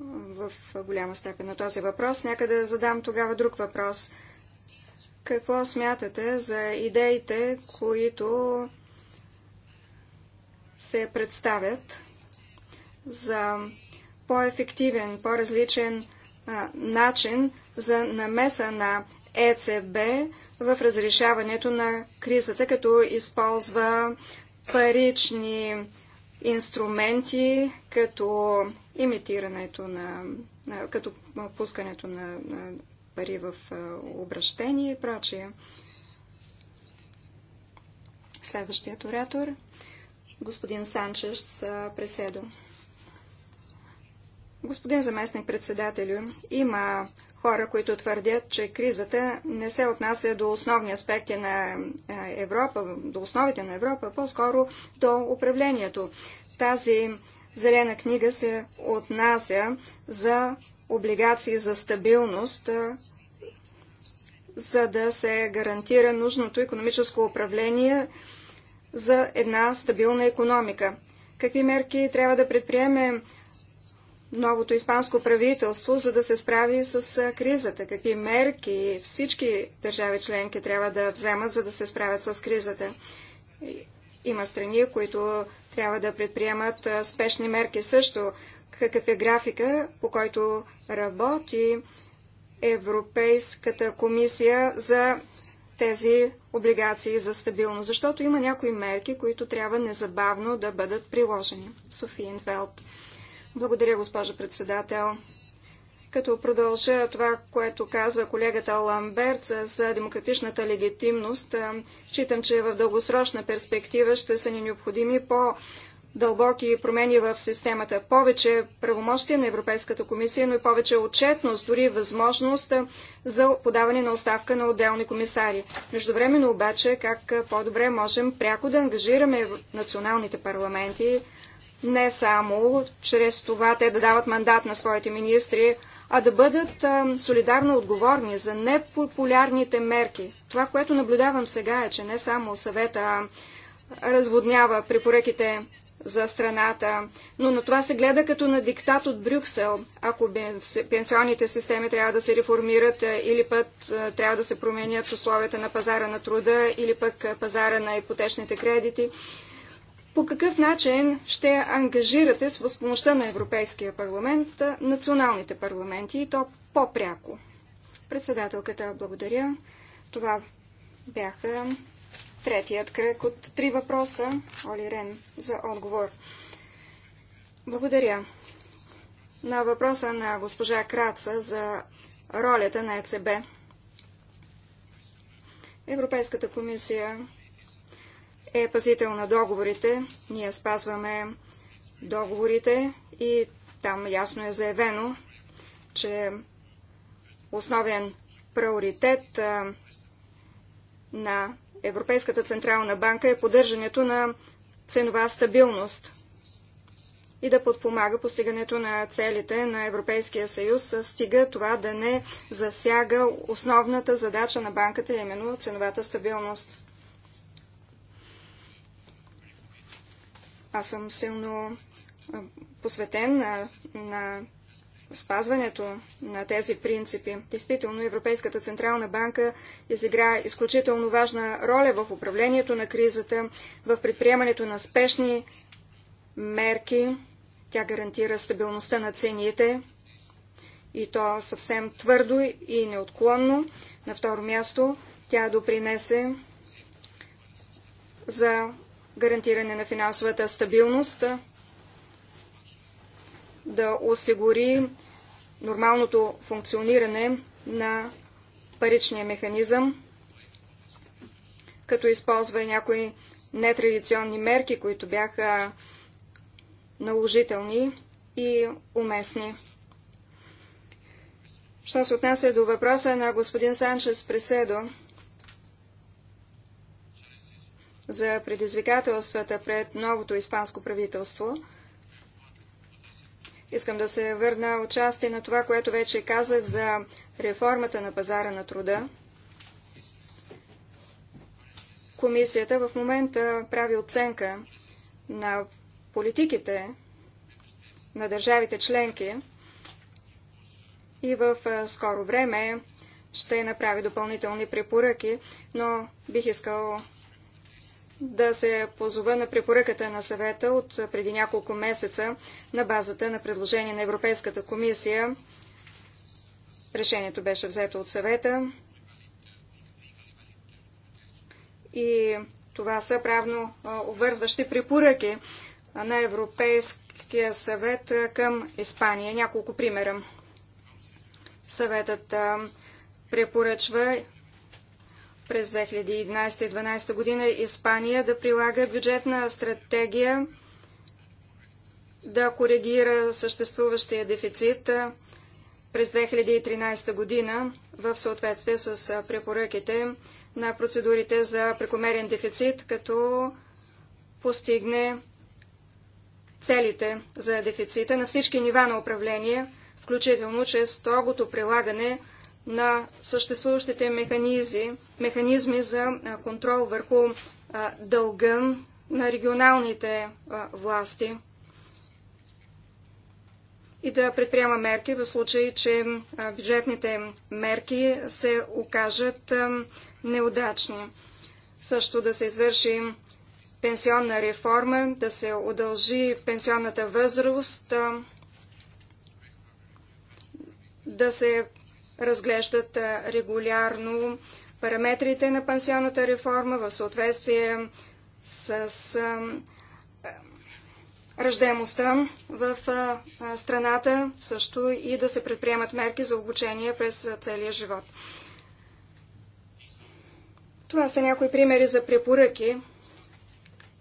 в голяма степен на този въпрос. Нека да задам тогава друг въпрос. Какво смятате за идеите, които се представят за по-ефективен, по-различен начин за намеса на ЕЦБ в разрешаването на кризата, като използва парични инструменти, като имитирането на, на като пускането на, на пари в обращение и прочие. Следващият оратор, господин Санчес Преседо. Господин заместник председателю, има хора, които твърдят, че кризата не се отнася до основни аспекти на е, Европа, до основите на Европа, по-скоро до управлението. Тази зелена книга се отнася за облигации за стабилност, е, за да се гарантира нужното економическо управление за една стабилна економика. Какви мерки трябва да предприеме новото испанско правителство, за да се справи с кризата? Какви мерки всички държави членки трябва да вземат, за да се справят с кризата? Има страни, които трябва да предприемат спешни мерки също. Какъв е графика, по който работи Европейската комисия за тези облигации за стабилност, защото има някои мерки, които трябва незабавно да бъдат приложени. София Инфелд. Благодаря, госпожа председател. Като продължа това, което каза колегата Ламберт за демократичната легитимност, считам, че в дългосрочна перспектива ще са ни необходими по дълбоки промени в системата, повече правомощия на Европейската комисия, но и повече отчетност, дори възможност за подаване на оставка на отделни комисари. Междувременно обаче, как по-добре можем пряко да ангажираме националните парламенти не само чрез това те да дават мандат на своите министри, а да бъдат а, солидарно отговорни за непопулярните мерки. Това, което наблюдавам сега е, че не само съвета разводнява препоръките за страната, но на това се гледа като на диктат от Брюксел. Ако пенсионните системи трябва да се реформират е, или път е, трябва да се променят с условията на пазара на труда или пък е, пазара на ипотечните кредити, по какъв начин ще ангажирате с помощта на Европейския парламент националните парламенти и то по-пряко? Председателката, благодаря. Това бяха третият кръг от три въпроса. Оли Рен за отговор. Благодаря. На въпроса на госпожа Краца за ролята на ЕЦБ. Европейската комисия е пазител на договорите. Ние спазваме договорите и там ясно е заявено, че основен приоритет на Европейската Централна банка е поддържането на ценова стабилност и да подпомага постигането на целите на Европейския съюз, стига това да не засяга основната задача на банката, именно ценовата стабилност. Аз съм силно посветен на, на спазването на тези принципи. Действително, Европейската Централна банка изигра изключително важна роля в управлението на кризата, в предприемането на спешни мерки. Тя гарантира стабилността на цените и то съвсем твърдо и неотклонно. На второ място тя допринесе за гарантиране на финансовата стабилност, да осигури нормалното функциониране на паричния механизъм, като използва и някои нетрадиционни мерки, които бяха наложителни и уместни. Що се отнася до въпроса на господин Санчес Преседо, за предизвикателствата пред новото испанско правителство. Искам да се върна отчасти на това, което вече казах за реформата на пазара на труда. Комисията в момента прави оценка на политиките на държавите членки и в скоро време ще направи допълнителни препоръки, но бих искал да се позова на препоръката на съвета от преди няколко месеца на базата на предложение на Европейската комисия. Решението беше взето от съвета и това са правно обвързващи препоръки на Европейския съвет към Испания. Няколко примера. Съветът препоръчва през 2011-2012 година Испания да прилага бюджетна стратегия, да коригира съществуващия дефицит през 2013 година в съответствие с препоръките на процедурите за прекомерен дефицит, като постигне целите за дефицита на всички нива на управление, включително чрез строгото прилагане на съществуващите механизми, механизми за контрол върху дълга на регионалните власти и да предприема мерки в случай, че бюджетните мерки се окажат неудачни. Също да се извърши пенсионна реформа, да се удължи пенсионната възраст, да се разглеждат регулярно параметрите на пансионната реформа в съответствие с ръждемостта в страната, също и да се предприемат мерки за обучение през целия живот. Това са някои примери за препоръки.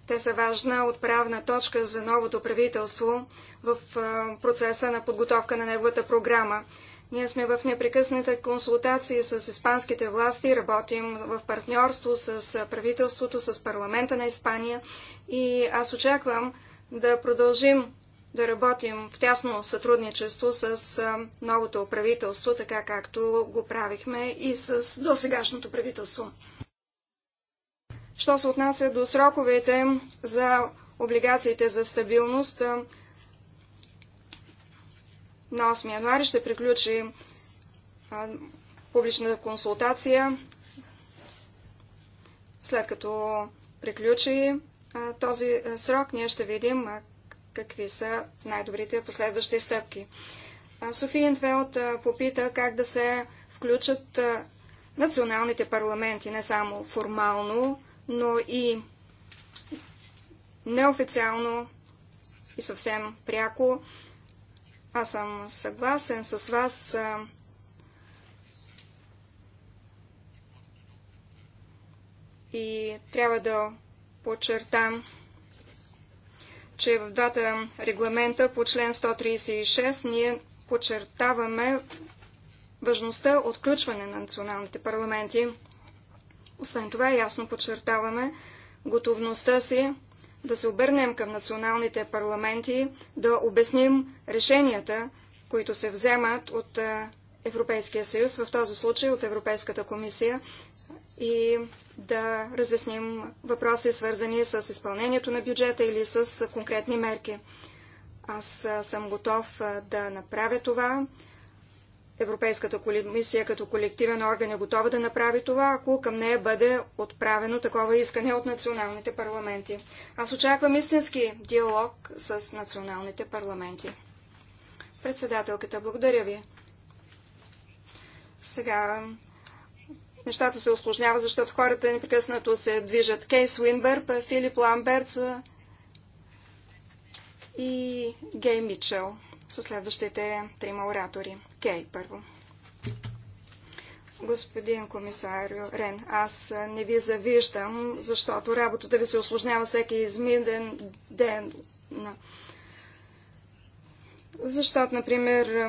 Те са важна отправна точка за новото правителство в процеса на подготовка на неговата програма. Ние сме в непрекъсната консултация с испанските власти, работим в партньорство с правителството, с парламента на Испания и аз очаквам да продължим да работим в тясно сътрудничество с новото правителство, така както го правихме и с досегашното правителство. Що се отнася до сроковете за облигациите за стабилност, на 8 януари ще приключи публичната публична консултация. След като приключи този срок, ние ще видим какви са най-добрите последващи стъпки. София Интвелт попита как да се включат националните парламенти, не само формално, но и неофициално и съвсем пряко аз съм съгласен с вас. И трябва да подчертам, че в двата регламента по член 136 ние подчертаваме важността от включване на националните парламенти. Освен това, ясно подчертаваме готовността си да се обърнем към националните парламенти, да обясним решенията, които се вземат от Европейския съюз, в този случай от Европейската комисия, и да разясним въпроси, свързани с изпълнението на бюджета или с конкретни мерки. Аз съм готов да направя това. Европейската комисия като колективен орган е готова да направи това, ако към нея бъде отправено такова искане от националните парламенти. Аз очаквам истински диалог с националните парламенти. Председателката, благодаря ви. Сега нещата се осложняват, защото хората непрекъснато се движат. Кейс Уинбърб, Филип Ламберт и Гей Митчел с следващите трима оратори. Кей, първо. Господин комисар Рен, аз не ви завиждам, защото работата ви се осложнява всеки изминен ден. Защото, например,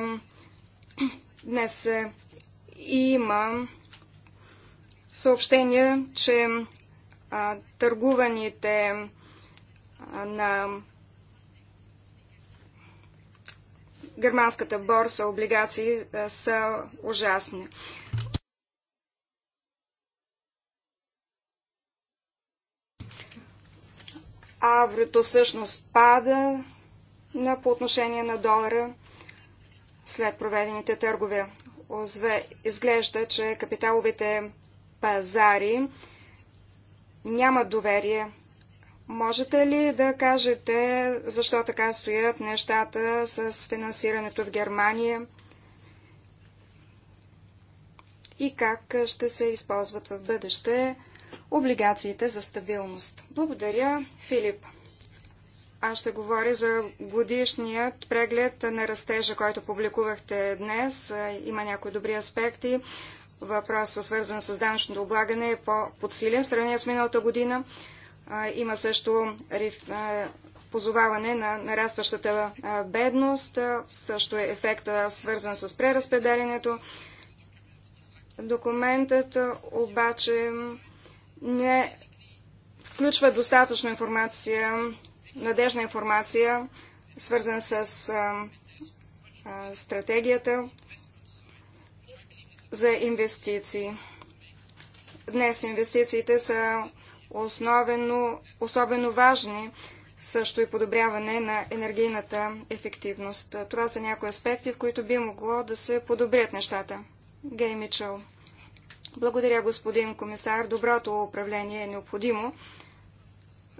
днес има съобщение, че а, търгуваните а, на германската борса облигации е, са ужасни. Аврото всъщност пада на, по отношение на долара след проведените търгове. Озве, изглежда, че капиталовите пазари нямат доверие Можете ли да кажете защо така стоят нещата с финансирането в Германия и как ще се използват в бъдеще облигациите за стабилност? Благодаря, Филип. Аз ще говоря за годишният преглед на растежа, който публикувахте днес. Има някои добри аспекти. Въпросът, свързан с данъчното облагане, е по-подсилен в сравнение с миналата година. Има също позоваване на нарастващата бедност, също е ефекта свързан с преразпределението. Документът обаче не включва достатъчно информация, надежна информация, свързана с а, а, стратегията за инвестиции. Днес инвестициите са основено, особено важни, също и подобряване на енергийната ефективност. Това са някои аспекти, в които би могло да се подобрят нещата. Гей Мичел. Благодаря, господин комисар. Доброто управление е необходимо,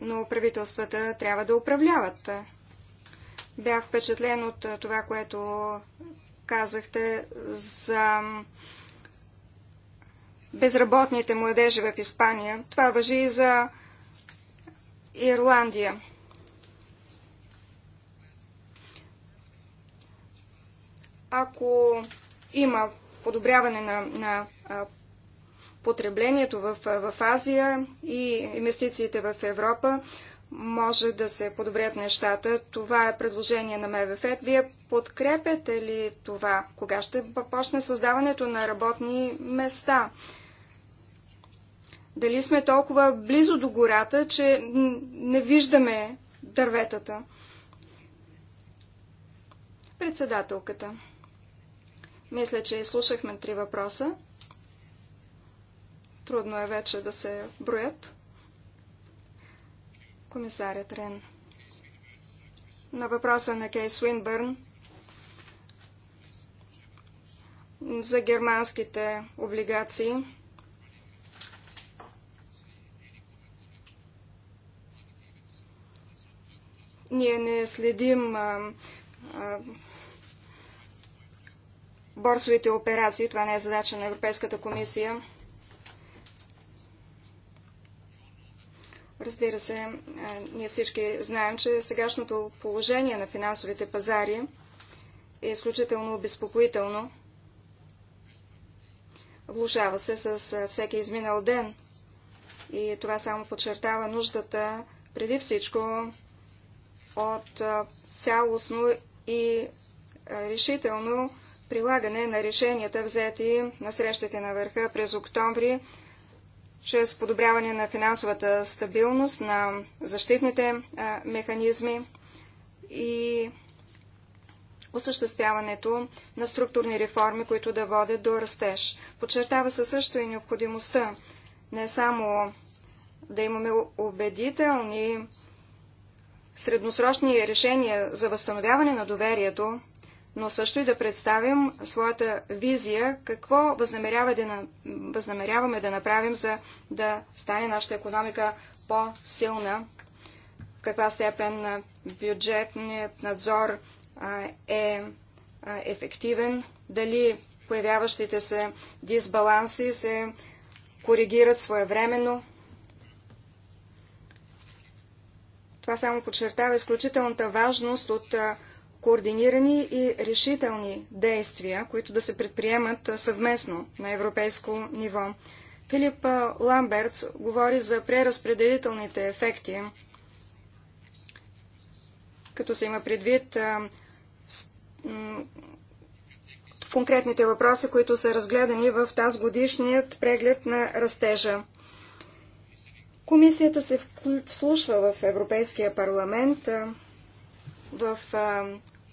но правителствата трябва да управляват. Бях впечатлен от това, което казахте за безработните младежи в Испания. Това въжи и за Ирландия. Ако има подобряване на, на потреблението в, в Азия и инвестициите в Европа, може да се подобрят нещата. Това е предложение на МВФ. Вие подкрепяте ли това? Кога ще почне създаването на работни места? Дали сме толкова близо до гората, че не виждаме дърветата? Председателката. Мисля, че слушахме три въпроса. Трудно е вече да се броят. Комисарят Рен. На въпроса на Кей Суинбърн за германските облигации. Ние не следим а, а, борсовите операции. Това не е задача на Европейската комисия. Разбира се, ние всички знаем, че сегашното положение на финансовите пазари е изключително обезпокоително. Влушава се с всеки изминал ден. И това само подчертава нуждата преди всичко от цялостно и решително прилагане на решенията взети на срещите на върха през октомври, чрез подобряване на финансовата стабилност, на защитните механизми и осъществяването на структурни реформи, които да водят до растеж. Подчертава се също и необходимостта не само да имаме убедителни средносрочни решения за възстановяване на доверието, но също и да представим своята визия, какво възнамерява да, възнамеряваме да направим, за да стане нашата економика по-силна, в каква степен бюджетният надзор е ефективен, дали появяващите се дисбаланси се коригират своевременно, Това само подчертава изключителната важност от координирани и решителни действия, които да се предприемат съвместно на европейско ниво. Филип Ламбертс говори за преразпределителните ефекти, като се има предвид конкретните въпроси, които са разгледани в тази годишният преглед на растежа. Комисията се вслушва в Европейския парламент, в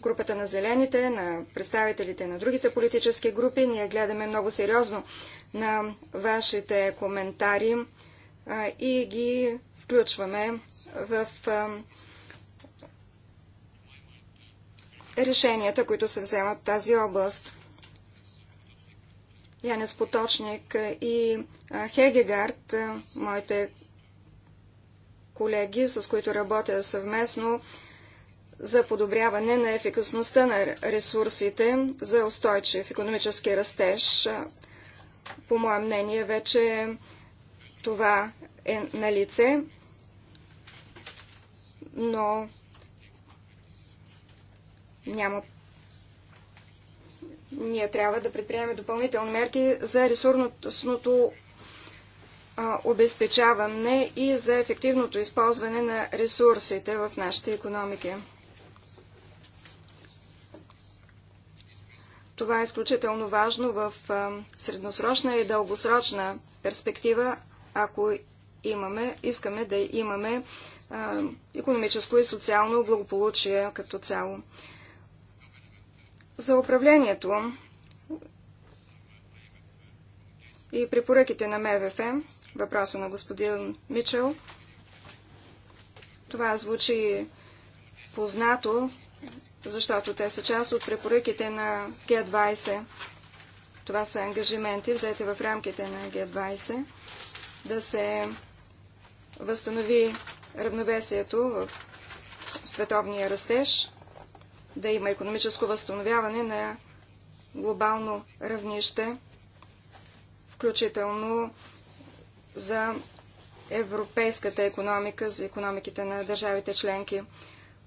групата на зелените, на представителите на другите политически групи. Ние гледаме много сериозно на вашите коментари и ги включваме в решенията, които се вземат в тази област. Янес Поточник и Хегегард, моите колеги, с които работя съвместно за подобряване на ефикасността на ресурсите за устойчив економически растеж. По мое мнение, вече това е на лице, но няма. Ние трябва да предприемем допълнителни мерки за ресурсното обезпечаване и за ефективното използване на ресурсите в нашите економики. Това е изключително важно в средносрочна и дългосрочна перспектива, ако имаме, искаме да имаме економическо и социално благополучие като цяло. За управлението и препоръките на МВФМ, въпроса на господин Мичел. Това звучи познато, защото те са част от препоръките на Г-20. Това са ангажименти, взети в рамките на Г-20, да се възстанови равновесието в световния растеж, да има економическо възстановяване на глобално равнище – включително за европейската економика, за економиките на държавите членки.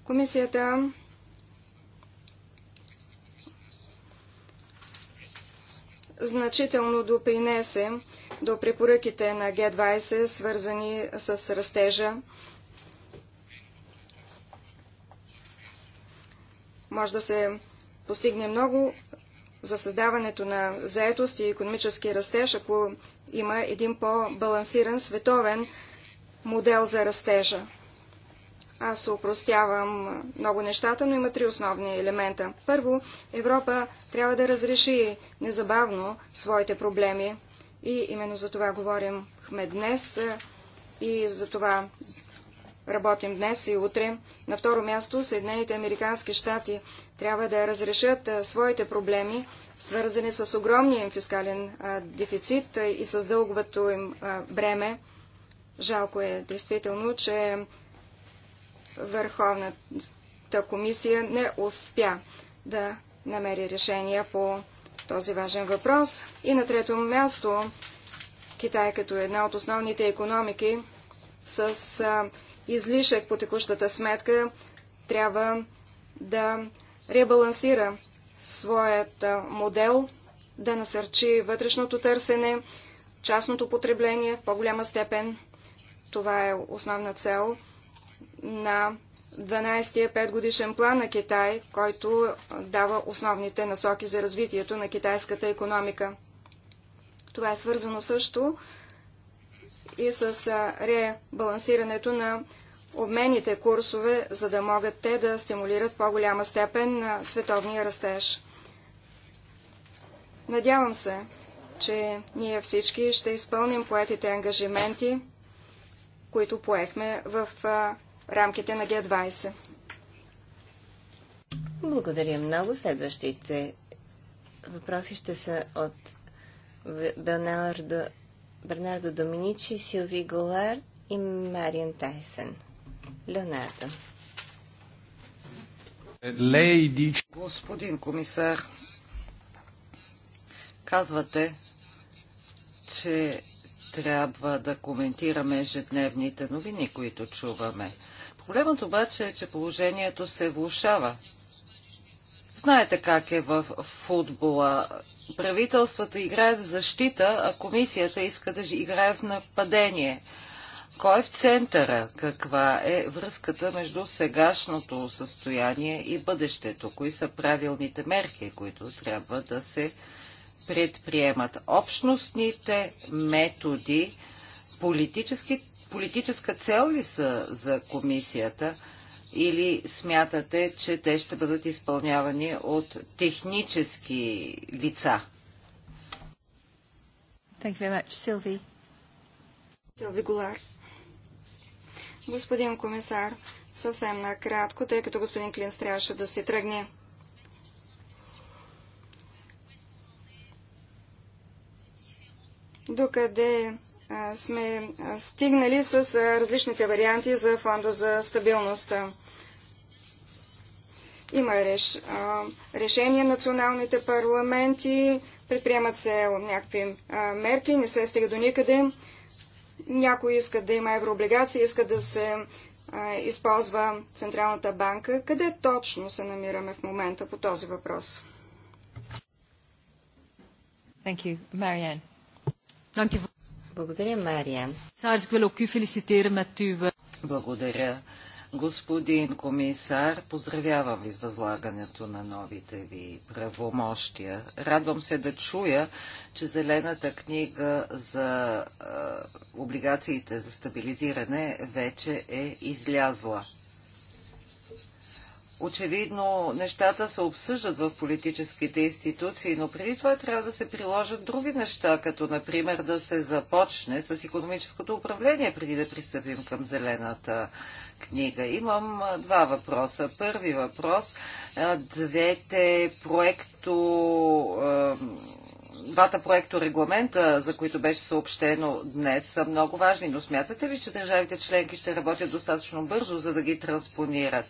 Комисията значително допринесе до препоръките на Г-20, свързани с растежа. Може да се постигне много за създаването на заетост и економически растеж, ако има един по-балансиран световен модел за растежа. Аз упростявам много нещата, но има три основни елемента. Първо, Европа трябва да разреши незабавно своите проблеми. И именно за това говорим днес и за това работим днес и утре. На второ място Съединените Американски щати трябва да разрешат своите проблеми, свързани с огромния им фискален дефицит и с дълговото им бреме. Жалко е действително, че Върховната комисия не успя да намери решение по този важен въпрос. И на трето място Китай като една от основните економики с излишък по текущата сметка трябва да ребалансира своят модел, да насърчи вътрешното търсене, частното потребление в по-голяма степен. Това е основна цел на 12-я 5 годишен план на Китай, който дава основните насоки за развитието на китайската економика. Това е свързано също и с ребалансирането на обмените курсове, за да могат те да стимулират по-голяма степен на световния растеж. Надявам се, че ние всички ще изпълним поетите ангажименти, които поехме в рамките на Г-20. Благодаря много. Следващите въпроси ще са от Бернардо Бернардо Доминичи, Силви Голар и Мариан Тайсен. Леонардо. Лейди. Господин комисар, казвате, че трябва да коментираме ежедневните новини, които чуваме. Проблемът обаче е, че положението се влушава. Знаете как е в футбола правителствата играят в защита, а комисията иска да играе в нападение. Кой е в центъра? Каква е връзката между сегашното състояние и бъдещето? Кои са правилните мерки, които трябва да се предприемат? Общностните методи, политически, политическа цел ли са за комисията? или смятате, че те ще бъдат изпълнявани от технически лица? Thank you very much. Господин комисар, съвсем накратко, тъй като господин Клинс трябваше да си тръгне. докъде сме стигнали с различните варианти за фонда за стабилността. Има реш, а, решение националните парламенти, предприемат се някакви а, мерки, не се стига до никъде. Някой иска да има еврооблигации, иска да се а, използва Централната банка. Къде точно се намираме в момента по този въпрос? Thank you. Marianne. Thank you. Благодаря, Мариан. Eh, Благодаря. Господин комисар, поздравявам ви с възлагането на новите ви правомощия. Радвам се да чуя, че Зелената книга за е, облигациите за стабилизиране вече е излязла. Очевидно, нещата се обсъждат в политическите институции, но преди това трябва да се приложат други неща, като например да се започне с економическото управление, преди да пристъпим към зелената книга. Имам два въпроса. Първи въпрос. Двете проекто двата проекто регламента, за които беше съобщено днес, са много важни, но смятате ли, че държавите членки ще работят достатъчно бързо, за да ги транспонират?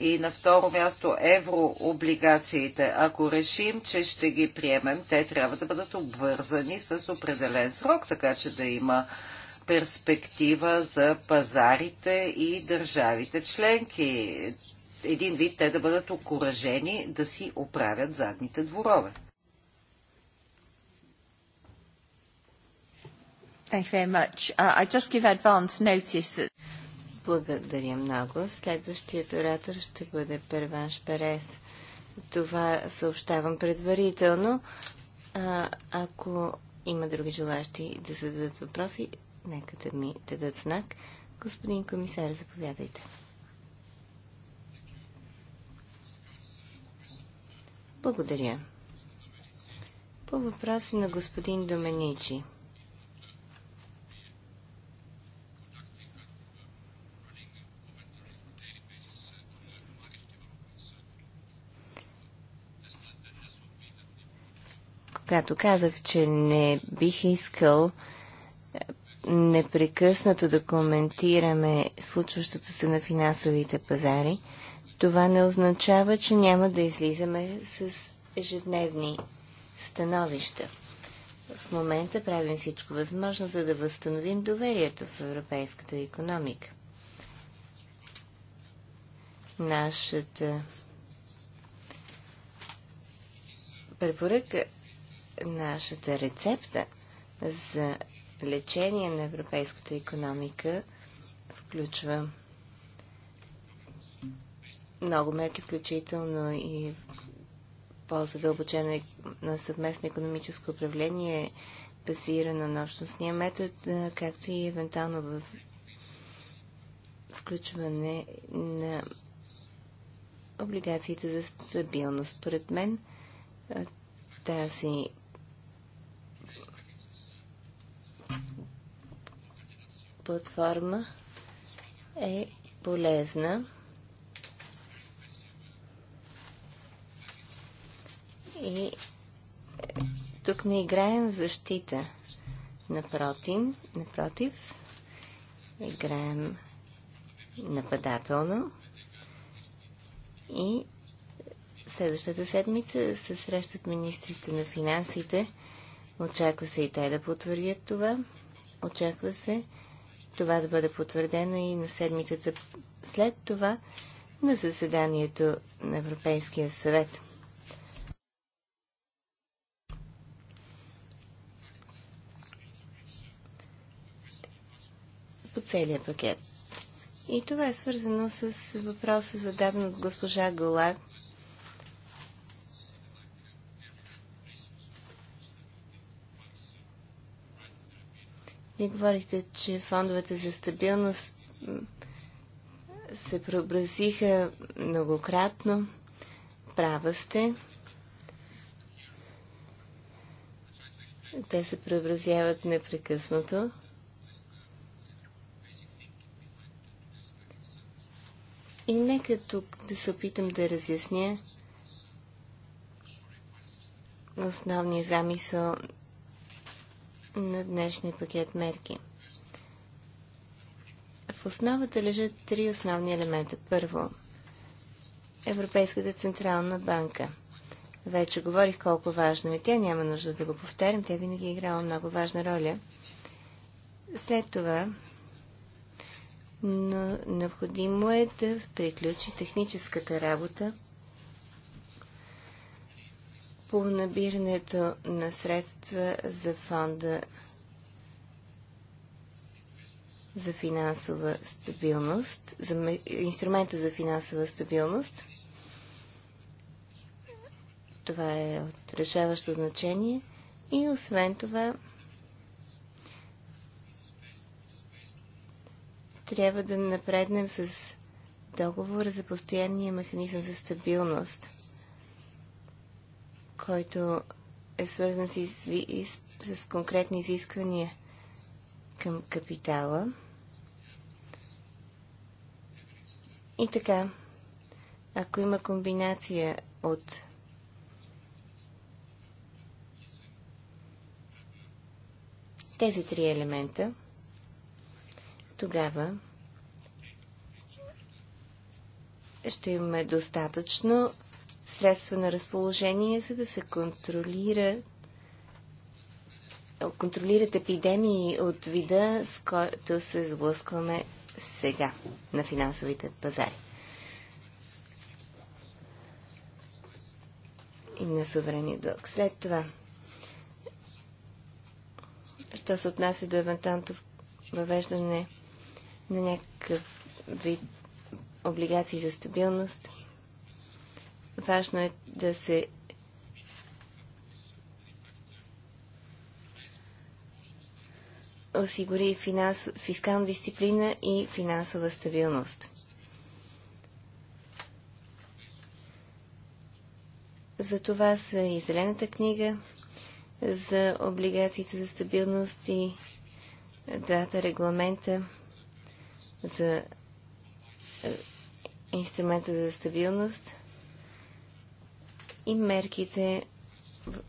И на второ място еврооблигациите. Ако решим, че ще ги приемем, те трябва да бъдат обвързани с определен срок, така че да има перспектива за пазарите и държавите членки. Един вид те да бъдат окоръжени да си оправят задните дворове. Uh, that... Благодаря много. Следващият оратор ще бъде Перванш Перес. Това съобщавам предварително. А, ако има други желащи да зададат въпроси, Нека да ми дадат знак. Господин комисар, заповядайте. Благодаря. По въпроса на господин Доменичи. Когато казах, че не бих искал непрекъснато да коментираме случващото се на финансовите пазари, това не означава, че няма да излизаме с ежедневни становища. В момента правим всичко възможно, за да възстановим доверието в европейската економика. Нашата препоръка, нашата рецепта за лечение на европейската економика включва много мерки, включително и по-задълбочено е на съвместно економическо управление, базирано на общностния метод, както и евентуално в включване на облигациите за стабилност. Според мен тази платформа е полезна. И тук не играем в защита. Напротив, напротив, играем нападателно. И следващата седмица се срещат министрите на финансите. Очаква се и те да потвърдят това. Очаква се това да бъде потвърдено и на седмицата след това на заседанието на Европейския съвет. По целия пакет. И това е свързано с въпроса зададен от госпожа Голар Вие говорихте, че фондовете за стабилност се преобразиха многократно. Права сте. Те се преобразяват непрекъснато. И нека тук да се опитам да разясня основния замисъл на днешния пакет мерки. В основата лежат три основни елемента. Първо, Европейската централна банка. Вече говорих колко важно е тя, няма нужда да го повтарям, тя винаги е играла много важна роля. След това, но необходимо е да приключи техническата работа по набирането на средства за фонда за финансова стабилност, за инструмента за финансова стабилност. Това е от решаващо значение. И освен това, трябва да напреднем с договора за постоянния механизъм за стабилност – който е свързан с, из... с конкретни изисквания към капитала. И така, ако има комбинация от тези три елемента, тогава ще имаме достатъчно средства на разположение, за да се контролира контролират епидемии от вида, с който се сблъскваме сега на финансовите пазари. И на суверени дълг. След това, що се отнася до евентуалното въвеждане на някакъв вид облигации за стабилност – Важно е да се осигури финанс... фискална дисциплина и финансова стабилност. За това са и Зелената книга за облигациите за стабилност и двата регламента за е, инструмента за стабилност и мерките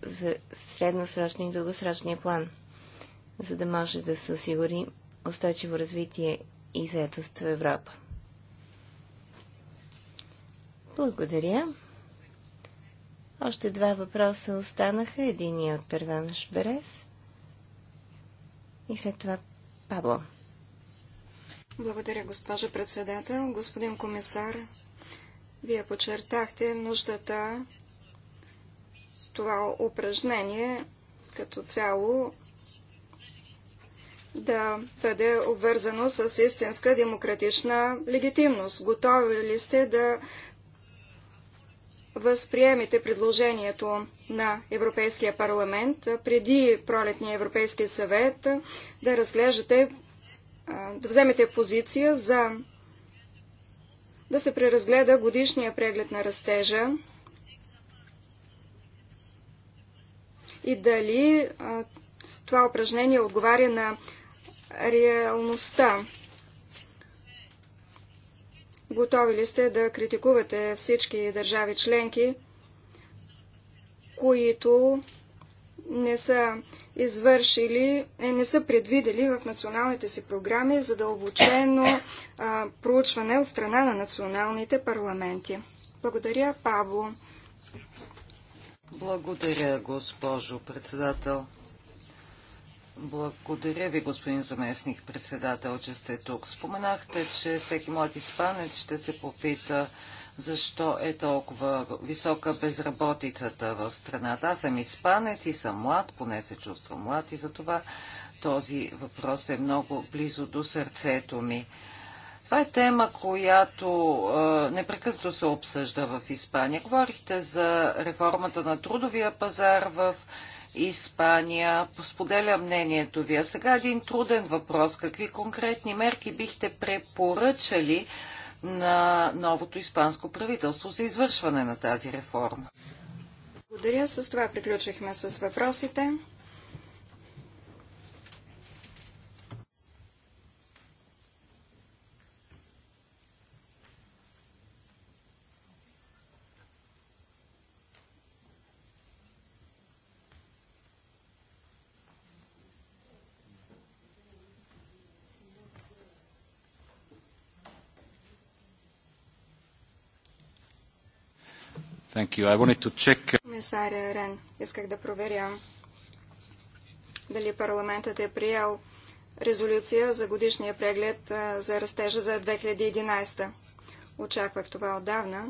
за средносрочни и дългосрочния план, за да може да се осигури устойчиво развитие и заетост в Европа. Благодаря. Още два въпроса останаха. Единият от Перванш Берес и след това Пабло. Благодаря, госпожа председател. Господин комисар, вие подчертахте нуждата това упражнение като цяло да бъде обвързано с истинска демократична легитимност. Готови ли сте да възприемете предложението на Европейския парламент преди пролетния Европейски съвет да разглеждате, да вземете позиция за да се преразгледа годишния преглед на растежа и дали а, това упражнение отговаря на реалността. Готови ли сте да критикувате всички държави членки, които не са извършили, е, не са предвидели в националните си програми задълбочено а, проучване от страна на националните парламенти. Благодаря, Павло. Благодаря, госпожо председател. Благодаря ви, господин заместник председател, че сте тук. Споменахте, че всеки млад испанец ще се попита защо е толкова висока безработицата в страната. Аз съм испанец и съм млад, поне се чувствам млад и затова този въпрос е много близо до сърцето ми. Това е тема, която а, непрекъснато се обсъжда в Испания. Говорихте за реформата на трудовия пазар в Испания. Споделя мнението ви. А сега един труден въпрос. Какви конкретни мерки бихте препоръчали на новото испанско правителство за извършване на тази реформа? Благодаря. С това приключихме с въпросите. Thank uh, Комисаря Рен, исках да проверя дали парламентът е приел резолюция за годишния преглед за растежа за 2011. Очаквах това отдавна.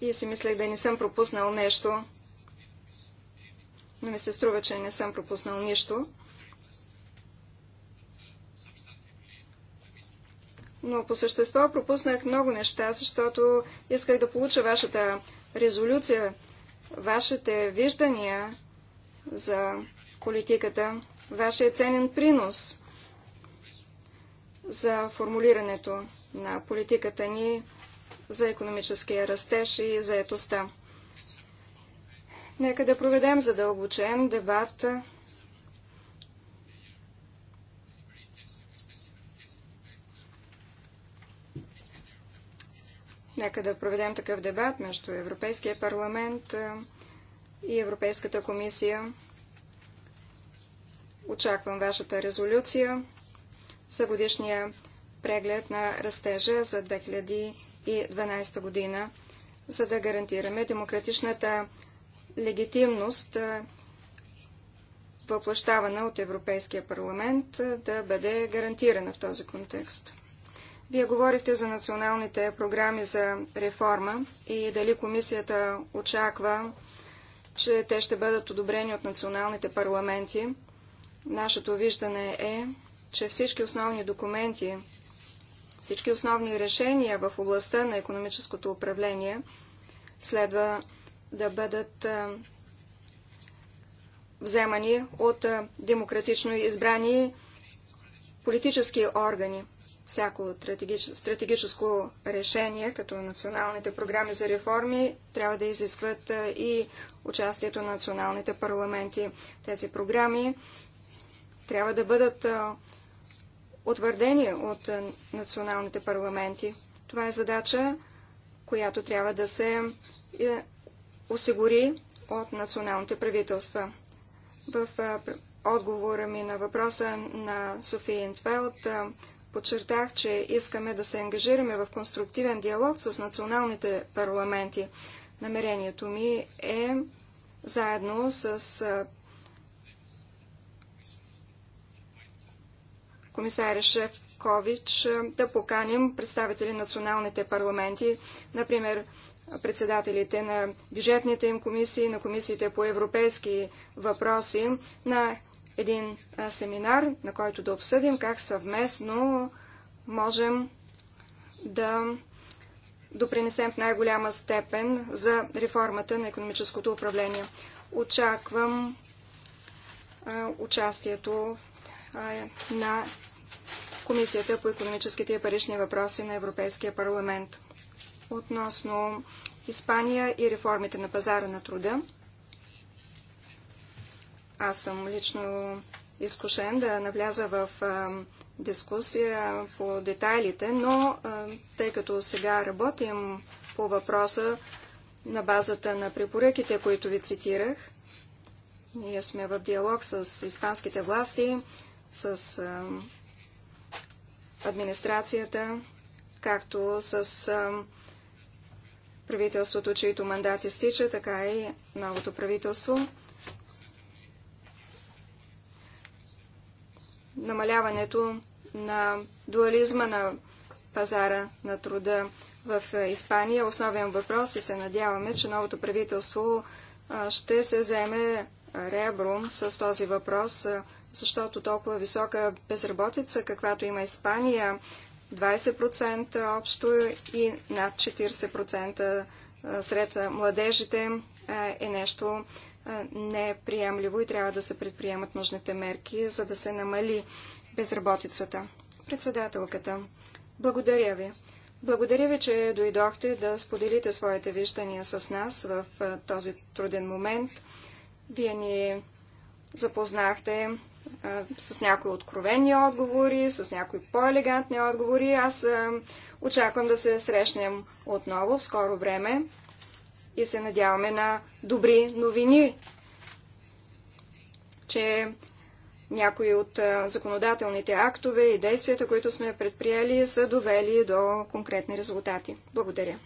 И си мислех да не съм пропуснал нещо, но ми се струва, че не съм пропуснал нищо. но по същество пропуснах много неща, защото исках да получа вашата резолюция, вашите виждания за политиката, вашия ценен принос за формулирането на политиката ни за економическия растеж и заетостта. Нека да проведем задълбочен дебат Нека да проведем такъв дебат между Европейския парламент и Европейската комисия. Очаквам вашата резолюция за годишния преглед на растежа за 2012 година, за да гарантираме демократичната легитимност, въплащавана от Европейския парламент, да бъде гарантирана в този контекст. Вие говорихте за националните програми за реформа и дали комисията очаква, че те ще бъдат одобрени от националните парламенти. Нашето виждане е, че всички основни документи, всички основни решения в областта на економическото управление следва да бъдат вземани от демократично избрани политически органи. Всяко стратегическо решение, като националните програми за реформи, трябва да изискват и участието на националните парламенти. Тези програми трябва да бъдат утвърдени от националните парламенти. Това е задача, която трябва да се е, осигури от националните правителства. В отговора ми на въпроса на София Интвелт подчертах, че искаме да се ангажираме в конструктивен диалог с националните парламенти. Намерението ми е заедно с комисаря Шефкович да поканим представители на националните парламенти, например председателите на бюджетните им комисии, на комисиите по европейски въпроси, на един семинар, на който да обсъдим как съвместно можем да допринесем в най-голяма степен за реформата на економическото управление. Очаквам а, участието а, на Комисията по економическите и парични въпроси на Европейския парламент относно Испания и реформите на пазара на труда. Аз съм лично изкушен да навляза в дискусия по детайлите, но тъй като сега работим по въпроса на базата на препоръките, които ви цитирах, ние сме в диалог с испанските власти, с администрацията, както с правителството, чието мандат изтича, така и новото правителство. намаляването на дуализма на пазара на труда в е, Испания. Основен въпрос и се надяваме, че новото правителство е, ще се заеме ребро с този въпрос, е, защото толкова висока безработица, каквато има Испания, 20% общо и над 40% сред младежите е нещо, не е приемливо и трябва да се предприемат нужните мерки, за да се намали безработицата. Председателката, благодаря ви. Благодаря ви, че дойдохте да споделите своите виждания с нас в този труден момент. Вие ни запознахте с някои откровени отговори, с някои по-елегантни отговори. Аз очаквам да се срещнем отново в скоро време и се надяваме на добри новини, че някои от законодателните актове и действията, които сме предприели, са довели до конкретни резултати. Благодаря.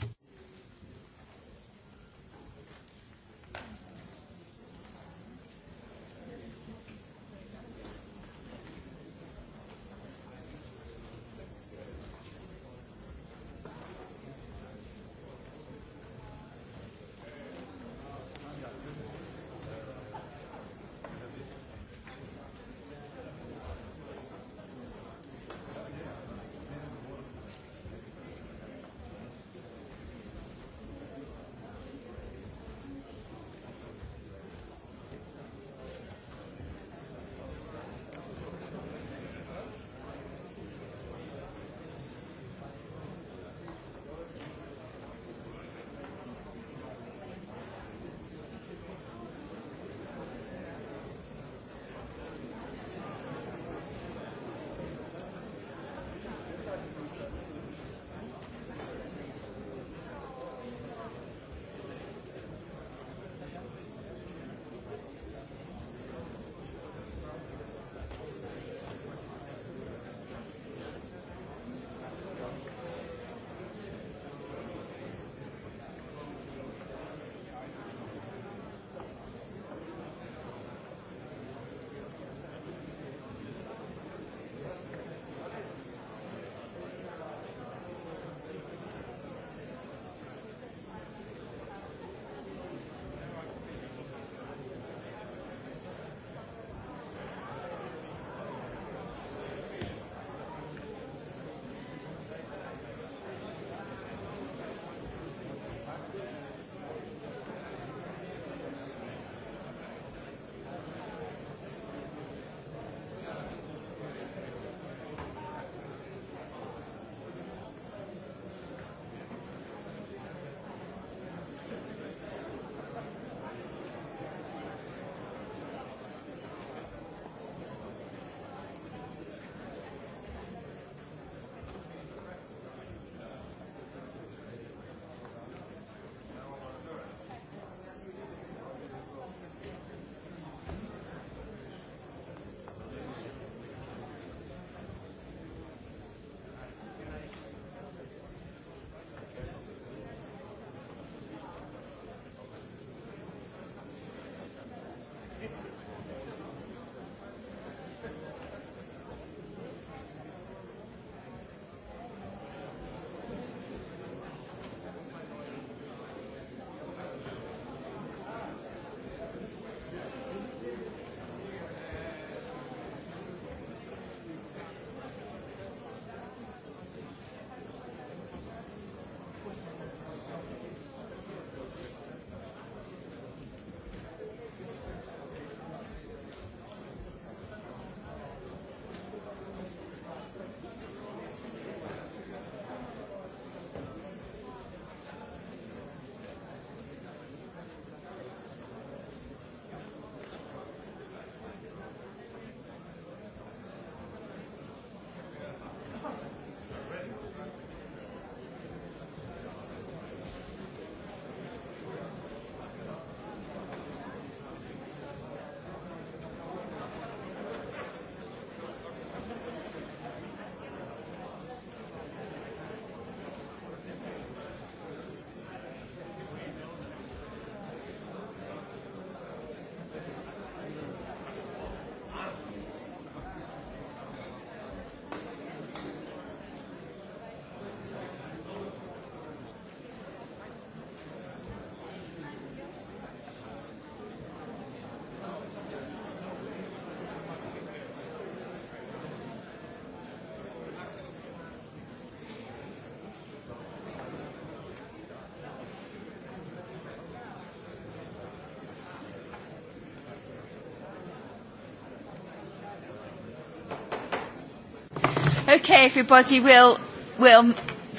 Okay, everybody, we'll, we'll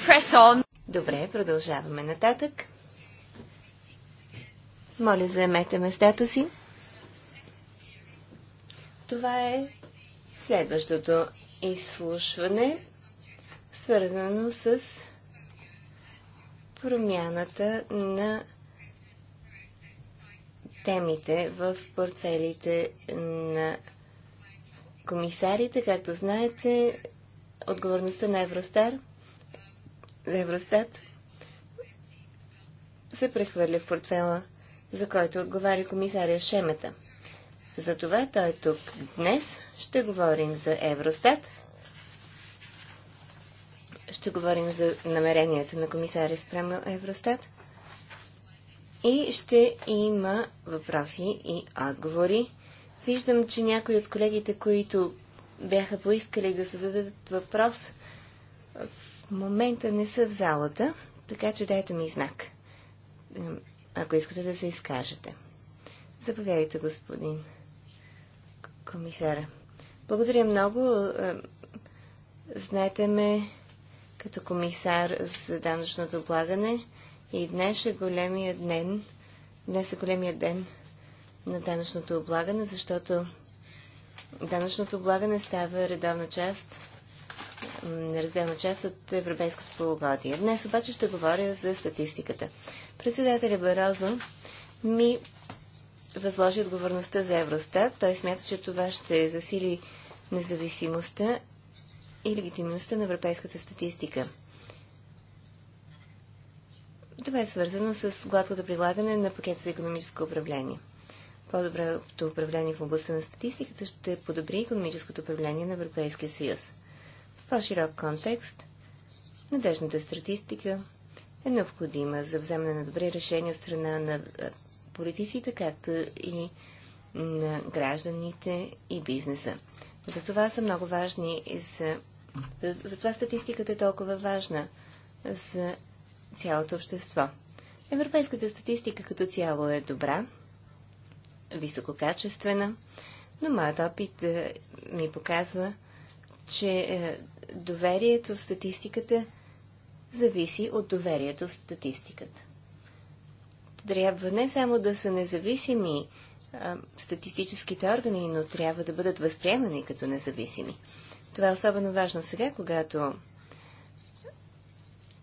press on. Добре, продължаваме нататък. Моля, заемете местата си. Това е следващото изслушване, свързано с промяната на темите в портфелите на комисарите. Както знаете, отговорността на Евростар, за Евростат се прехвърля в портфела, за който отговаря комисаря Шемета. Затова той е тук днес. Ще говорим за Евростат. Ще говорим за намеренията на комисаря спрямо Евростат. И ще има въпроси и отговори. Виждам, че някои от колегите, които бяха поискали да се зададат въпрос, в момента не са в залата, така че дайте ми знак, ако искате да се изкажете. Заповядайте, господин комисара. Благодаря много. Знаете ме като комисар за данъчното облагане и днес е големия ден, днес е големия ден на данъчното облагане, защото данъчното облагане става редовна част, неразделна част от европейското полугодие. Днес обаче ще говоря за статистиката. Председателя Барозо ми възложи отговорността за Евростат. Той смята, че това ще засили независимостта и легитимността на европейската статистика. Това е свързано с гладкото прилагане на пакета за економическо управление. По-доброто управление в областта на статистиката ще подобри економическото управление на Европейския съюз. В по-широк контекст, надежната статистика е необходима за вземане на добри решения от страна на политиците, както и на гражданите и бизнеса. Затова са много важни и за... Затова статистиката е толкова важна за цялото общество. Европейската статистика като цяло е добра, висококачествена, но моят опит е, ми показва, че е, доверието в статистиката зависи от доверието в статистиката. Трябва не само да са независими е, статистическите органи, но трябва да бъдат възприемани като независими. Това е особено важно сега, когато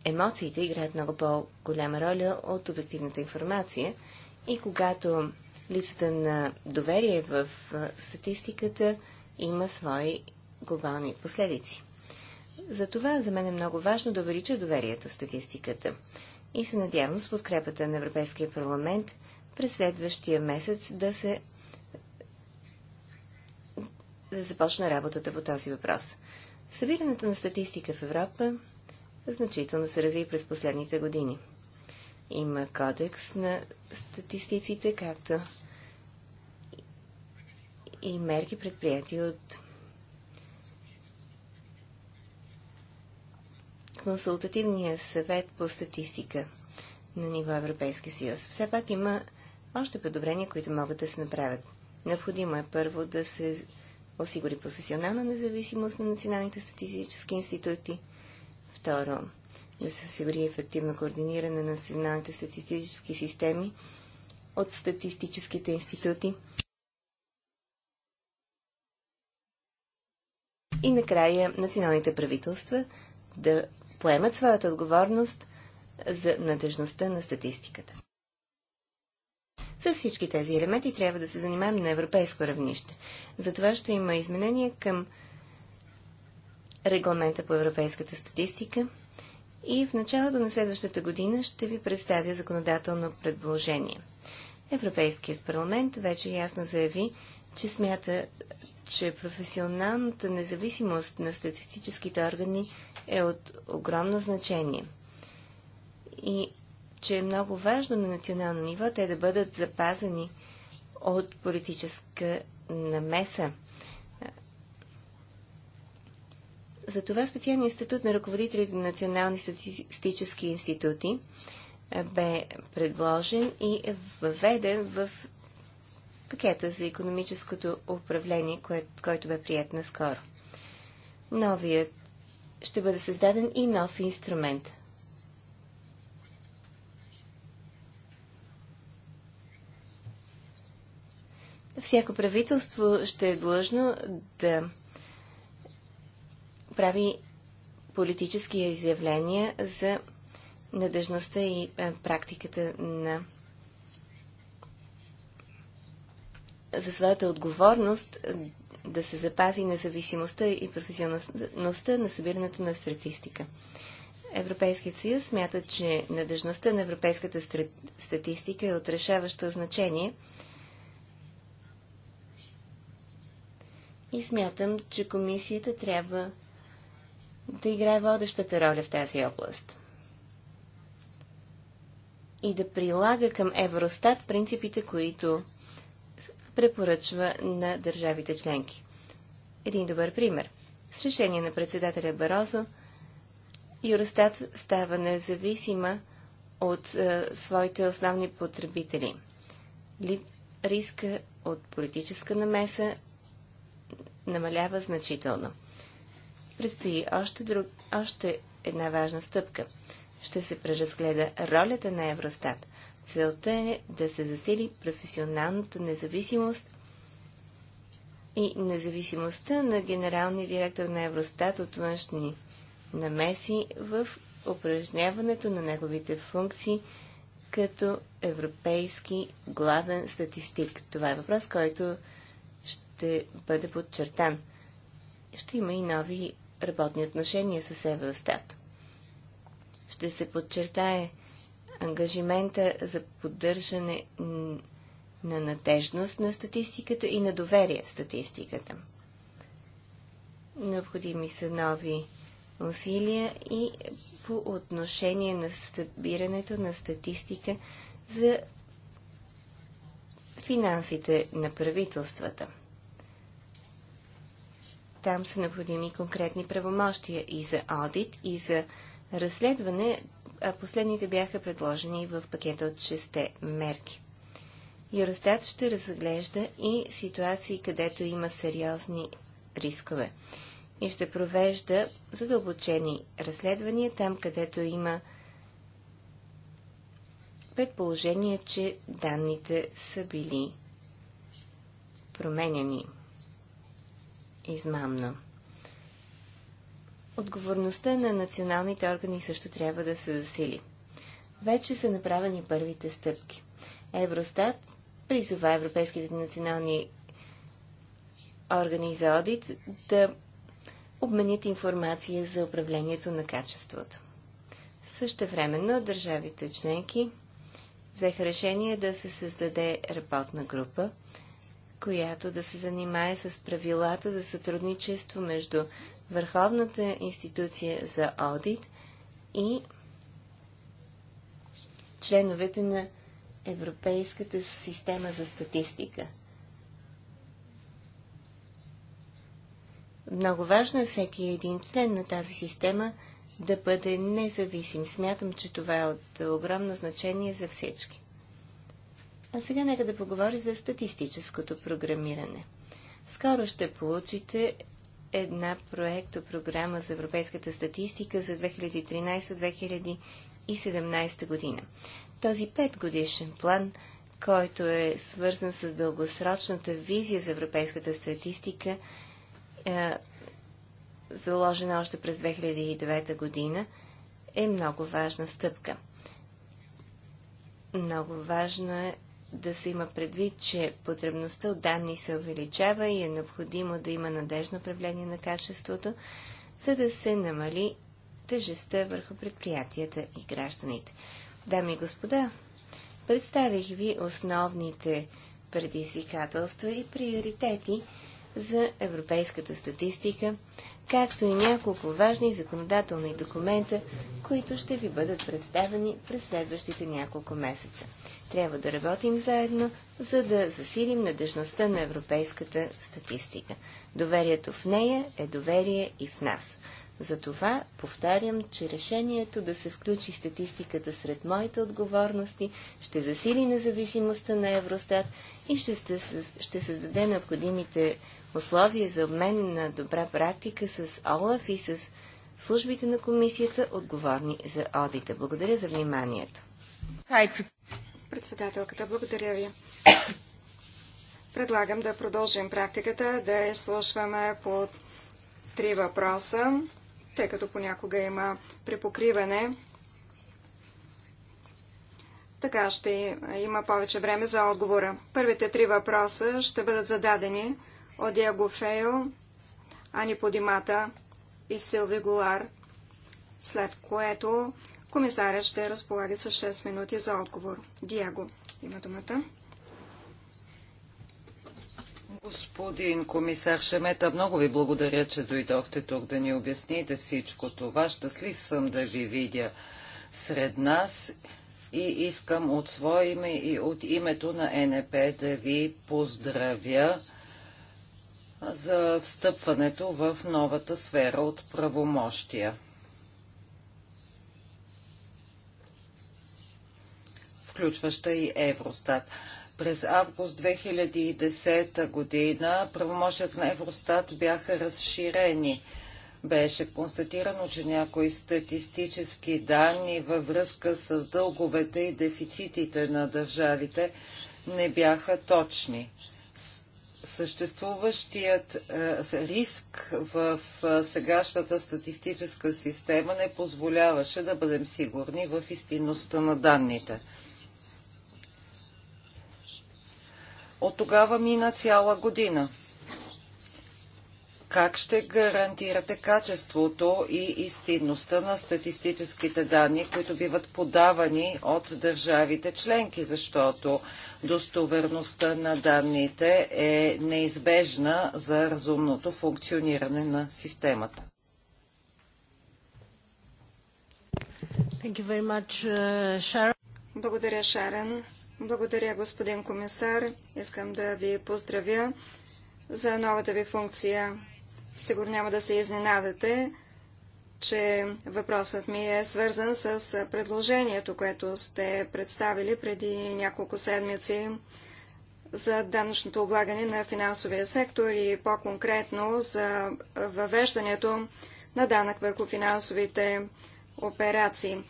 емоциите играят много по-голяма роля от обективната информация и когато липсата на доверие в статистиката има свои глобални последици. Затова за мен е много важно да увелича доверието в статистиката и се надявам с подкрепата на Европейския парламент през следващия месец да се да започне работата по този въпрос. Събирането на статистика в Европа значително се разви през последните години. Има кодекс на статистиците, както и мерки предприяти от консултативния съвет по статистика на ниво Европейски съюз. Все пак има още подобрения, които могат да се направят. Необходимо е първо да се осигури професионална независимост на националните статистически институти. Второ, да се осигури ефективно координиране на националните статистически системи от статистическите институти. и накрая националните правителства да поемат своята отговорност за надежността на статистиката. С всички тези елементи трябва да се занимаем на европейско равнище. Затова ще има изменения към регламента по европейската статистика и в началото на следващата година ще ви представя законодателно предложение. Европейският парламент вече ясно заяви, че смята че професионалната независимост на статистическите органи е от огромно значение и че е много важно на национално ниво те да бъдат запазени от политическа намеса. За това специалният институт на ръководителите на национални статистически институти бе предложен и въведен в пакета за економическото управление, кое, който бе прият наскоро. Новият ще бъде създаден и нов инструмент. Всяко правителство ще е длъжно да прави политически изявления за надежността и практиката на за своята отговорност е, да се запази независимостта и професионалността на събирането на статистика. Европейският съюз смята, че надежността на европейската статистика е от решаващо значение и смятам, че комисията трябва да играе водещата роля в тази област и да прилага към Евростат принципите, които препоръчва на държавите членки. Един добър пример. С решение на председателя Барозо, Юростат става независима от е, своите основни потребители. Риска от политическа намеса намалява значително. Предстои още, друг, още една важна стъпка. Ще се преразгледа ролята на Евростат. Целта е да се засили професионалната независимост и независимостта на генералния директор на Евростат от външни намеси в упражняването на неговите функции като европейски главен статистик. Това е въпрос, който ще бъде подчертан. Ще има и нови работни отношения с Евростат. Ще се подчертае ангажимента за поддържане на надежност на статистиката и на доверие в статистиката. Необходими са нови усилия и по отношение на събирането на статистика за финансите на правителствата. Там са необходими конкретни правомощия и за аудит, и за разследване, последните бяха предложени в пакета от 6 мерки. Юростат ще разглежда и ситуации, където има сериозни рискове и ще провежда задълбочени разследвания там, където има предположение, че данните са били променени измамно. Отговорността на националните органи също трябва да се засили. Вече са направени първите стъпки. Евростат призова европейските национални органи за одит да обменят информация за управлението на качеството. Същевременно държавите членки взеха решение да се създаде работна група, която да се занимае с правилата за сътрудничество между върховната институция за аудит и членовете на Европейската система за статистика. Много важно е всеки един член на тази система да бъде независим. Смятам, че това е от огромно значение за всички. А сега нека да поговори за статистическото програмиране. Скоро ще получите една проектопрограма за европейската статистика за 2013-2017 година. Този петгодишен план, който е свързан с дългосрочната визия за европейската статистика, е, заложена още през 2009 година, е много важна стъпка. Много важно е да се има предвид, че потребността от данни се увеличава и е необходимо да има надежно управление на качеството, за да се намали тежестта върху предприятията и гражданите. Дами и господа, представих ви основните предизвикателства и приоритети за европейската статистика, както и няколко важни законодателни документа, които ще ви бъдат представени през следващите няколко месеца. Трябва да работим заедно, за да засилим надежността на европейската статистика. Доверието в нея е доверие и в нас. Затова повтарям, че решението да се включи статистиката сред моите отговорности ще засили независимостта на Евростат и ще, ще създаде необходимите условия за обмен на добра практика с ОЛАФ и с службите на комисията, отговорни за одита. Благодаря за вниманието. Председателката, благодаря ви. Предлагам да продължим практиката, да изслушваме по три въпроса, тъй като понякога има препокриване. Така ще има повече време за отговора. Първите три въпроса ще бъдат зададени от Диаго Фео, Ани Подимата и Силви Голар, след което Комисарят ще разполага с 6 минути за отговор. Диаго има думата. Господин комисар Шемета, много ви благодаря, че дойдохте тук да ни обясните всичко това. Щастлив съм да ви видя сред нас и искам от свое име и от името на НП да ви поздравя за встъпването в новата сфера от правомощия. включваща и Евростат. През август 2010 година правомощията на Евростат бяха разширени. Беше констатирано, че някои статистически данни във връзка с дълговете и дефицитите на държавите не бяха точни съществуващият е, риск в е, сегашната статистическа система не позволяваше да бъдем сигурни в истинността на данните. От тогава мина цяла година. Как ще гарантирате качеството и истинността на статистическите данни, които биват подавани от държавите членки, защото достоверността на данните е неизбежна за разумното функциониране на системата? Uh, Благодаря, Шарен. Благодаря, господин комисар. Искам да ви поздравя за новата ви функция. Сигурно няма да се изненадате, че въпросът ми е свързан с предложението, което сте представили преди няколко седмици за данъчното облагане на финансовия сектор и по-конкретно за въвеждането на данък върху финансовите операции.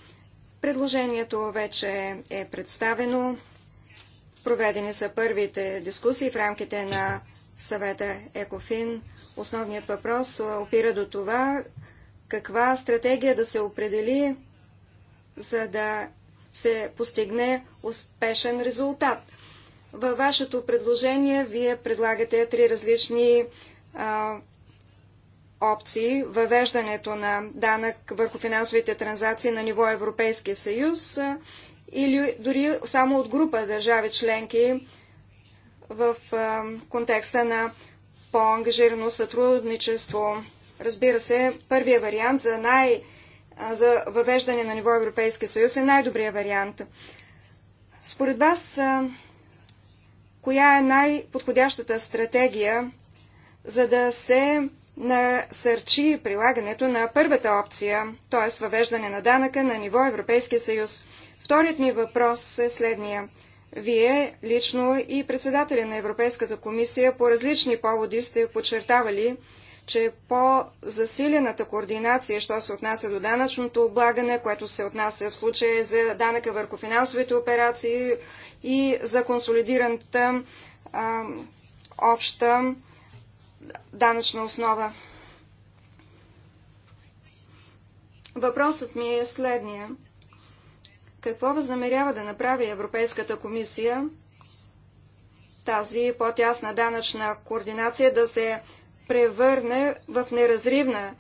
Предложението вече е представено. Проведени са първите дискусии в рамките на съвета ЕКОФИН. Основният въпрос опира до това каква стратегия да се определи, за да се постигне успешен резултат. Във вашето предложение вие предлагате три различни а, опции. Въвеждането на данък върху финансовите транзакции на ниво Европейския съюз, или дори само от група държави членки в контекста на по-ангажирано сътрудничество. Разбира се, първия вариант за, най, за въвеждане на ниво Европейски съюз е най-добрия вариант. Според вас, коя е най-подходящата стратегия, за да се насърчи прилагането на първата опция, т.е. въвеждане на данъка на ниво Европейския съюз? Вторият ми въпрос е следния. Вие лично и председателя на Европейската комисия по различни поводи сте подчертавали, че по-засилената координация, що се отнася до данъчното облагане, което се отнася в случая за данъка върху финансовите операции и за консолидираната а, обща данъчна основа. Въпросът ми е следния. Какво възнамерява да направи Европейската комисия тази по-тясна данъчна координация да се превърне в неразривна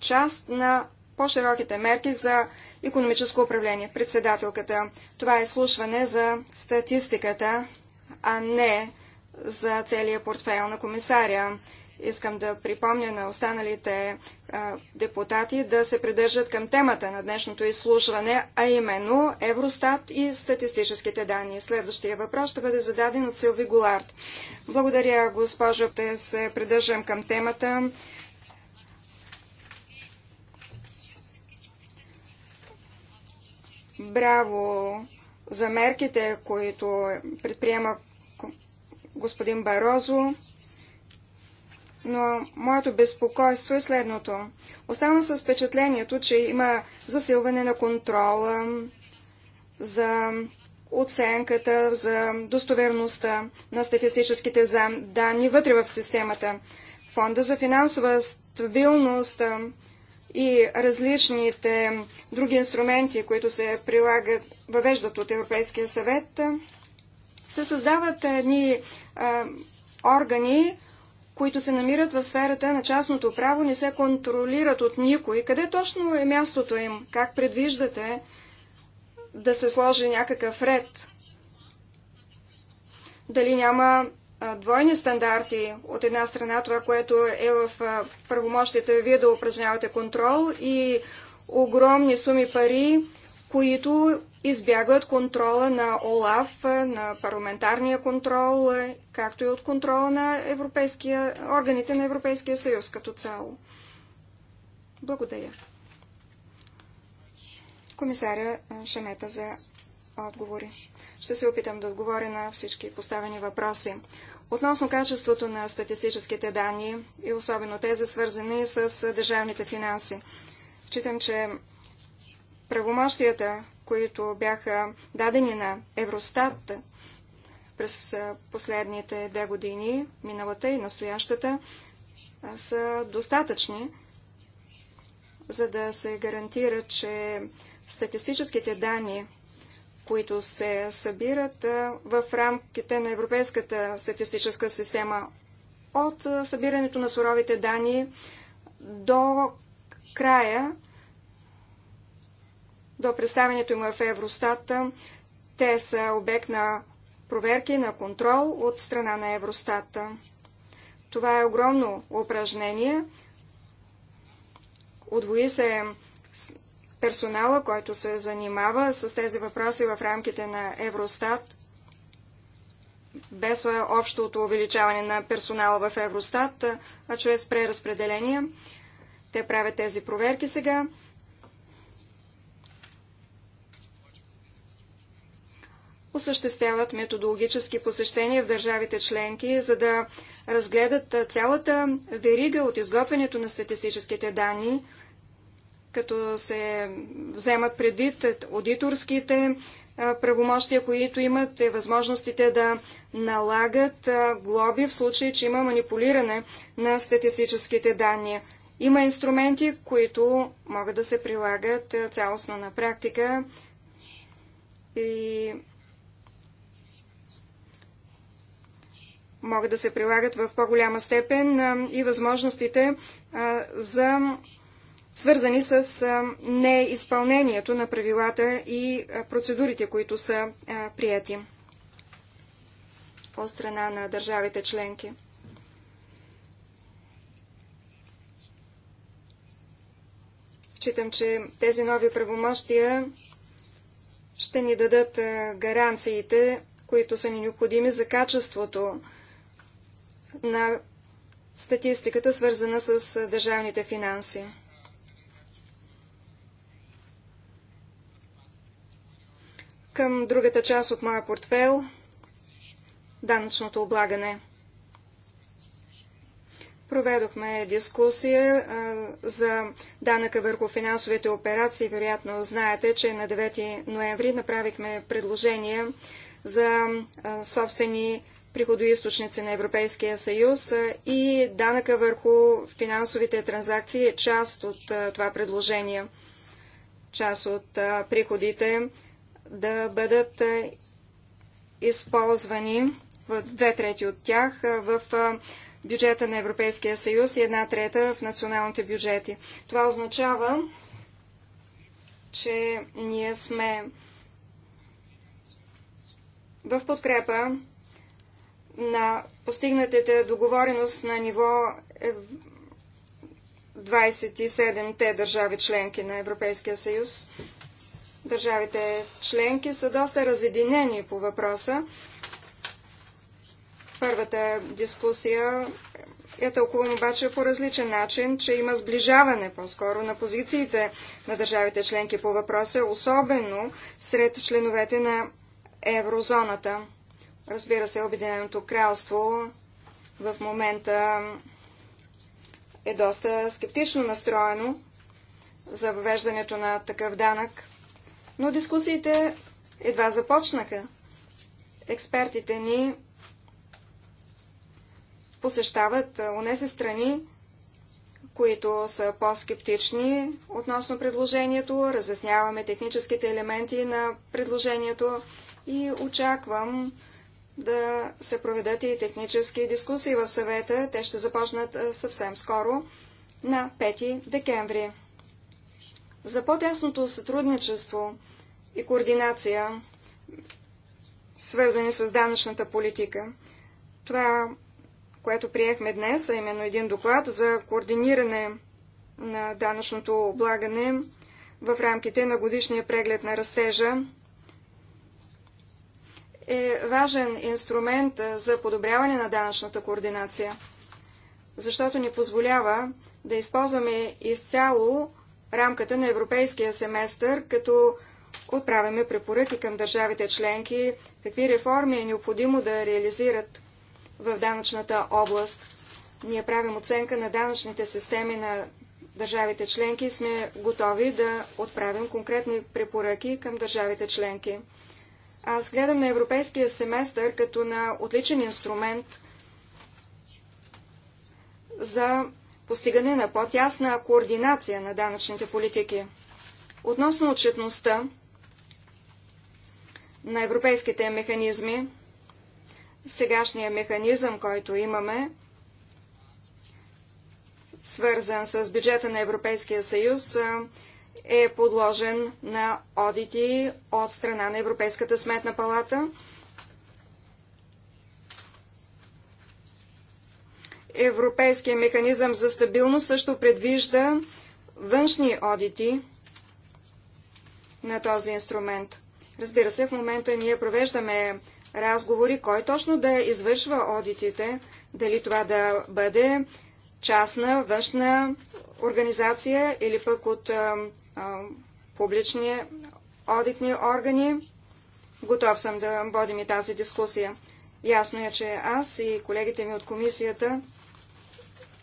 част на по-широките мерки за економическо управление. Председателката, това е слушване за статистиката, а не за целия портфейл на комисаря. Искам да припомня на останалите депутати да се придържат към темата на днешното изслушване, а именно Евростат и статистическите данни. Следващия въпрос ще бъде зададен от Силви Голард. Благодаря, госпожо, да се придържам към темата. Браво за мерките, които предприема господин Барозо но моето безпокойство е следното. Оставам с впечатлението, че има засилване на контрола, за оценката, за достоверността на статистическите данни вътре в системата. Фонда за финансова стабилност и различните други инструменти, които се прилагат, въвеждат от Европейския съвет, се създават едни органи, които се намират в сферата на частното право, не се контролират от никой. Къде точно е мястото им? Как предвиждате да се сложи някакъв ред? Дали няма двойни стандарти. От една страна това, което е в правомощите вие да упражнявате контрол и огромни суми пари, които Избяга от контрола на ОЛАФ, на парламентарния контрол, както и от контрола на европейския, органите на Европейския съюз като цяло. Благодаря. Комисаря Шемета за отговори. Ще се опитам да отговоря на всички поставени въпроси. Относно качеството на статистическите данни и особено тези свързани с държавните финанси. Считам, че правомощията, които бяха дадени на Евростат през последните две години, миналата и настоящата, са достатъчни, за да се гарантира, че статистическите данни, които се събират в рамките на Европейската статистическа система от събирането на суровите данни до края до представянето им в Евростата. Те са обект на проверки на контрол от страна на Евростата. Това е огромно упражнение. Отвои се персонала, който се занимава с тези въпроси в рамките на Евростат, без общото увеличаване на персонала в Евростат, а чрез преразпределение. Те правят тези проверки сега. осъществяват методологически посещения в държавите членки, за да разгледат цялата верига от изготвянето на статистическите данни, като се вземат предвид аудиторските правомощия, които имат е възможностите да налагат глоби в случай, че има манипулиране на статистическите данни. Има инструменти, които могат да се прилагат цялостно на практика и могат да се прилагат в по-голяма степен и възможностите за свързани с неизпълнението на правилата и процедурите, които са прияти от страна на държавите членки. Читам, че тези нови правомощия ще ни дадат гаранциите, които са ни необходими за качеството на статистиката, свързана с държавните финанси. Към другата част от моя портфел – данъчното облагане. Проведохме дискусия а, за данъка върху финансовите операции. Вероятно знаете, че на 9 ноември направихме предложение за а, собствени приходоисточници на Европейския съюз и данъка върху финансовите транзакции е част от това предложение. Част от приходите да бъдат използвани в две трети от тях в бюджета на Европейския съюз и една трета в националните бюджети. Това означава, че ние сме в подкрепа на постигнатата договореност на ниво 27-те е държави членки на Европейския съюз. Държавите членки са доста разединени по въпроса. Първата дискусия е тълкувам обаче по различен начин, че има сближаване по-скоро на позициите на държавите членки по въпроса, особено сред членовете на еврозоната. Разбира се, Обединеното кралство в момента е доста скептично настроено за въвеждането на такъв данък, но дискусиите едва започнаха. Експертите ни посещават унези страни, които са по-скептични относно предложението, разясняваме техническите елементи на предложението и очаквам да се проведат и технически дискусии в съвета. Те ще започнат съвсем скоро, на 5 декември. За по-тесното сътрудничество и координация, свързани с данъчната политика, това, което приехме днес, а именно един доклад за координиране на данъчното облагане в рамките на годишния преглед на растежа, е важен инструмент за подобряване на данъчната координация, защото ни позволява да използваме изцяло рамката на европейския семестър, като отправяме препоръки към държавите членки, какви реформи е необходимо да реализират в данъчната област. Ние правим оценка на данъчните системи на държавите членки и сме готови да отправим конкретни препоръки към държавите членки. Аз гледам на европейския семестър като на отличен инструмент за постигане на по-тясна координация на данъчните политики. Относно отчетността на европейските механизми, сегашния механизъм, който имаме, свързан с бюджета на Европейския съюз, е подложен на одити от страна на Европейската сметна палата. Европейския механизъм за стабилност също предвижда външни одити на този инструмент. Разбира се, в момента ние провеждаме разговори, кой точно да извършва одитите, дали това да бъде частна външна организация или пък от а, а, публични одитни органи. Готов съм да водим и тази дискусия. Ясно е, че аз и колегите ми от комисията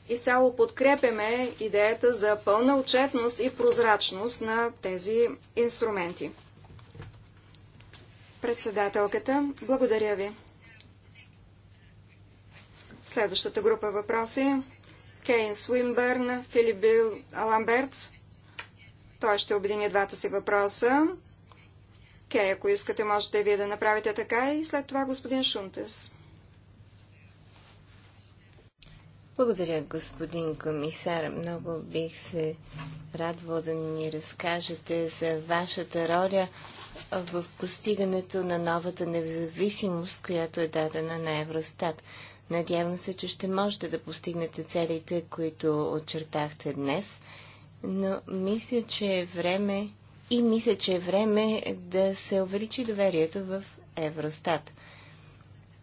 изцяло подкрепяме идеята за пълна отчетност и прозрачност на тези инструменти. Председателката, благодаря ви. Следващата група въпроси Кейн Свинбърн, Филип Бил Ламбертс. Той ще обедини двата си въпроса. Кей, ако искате, можете вие да направите така и след това господин Шунтес. Благодаря, господин комисар. Много бих се радвал да ни разкажете за вашата роля в постигането на новата независимост, която е дадена на Евростат. Надявам се, че ще можете да постигнете целите, които очертахте днес, но мисля, че е време и мисля, че е време да се увеличи доверието в Евростат.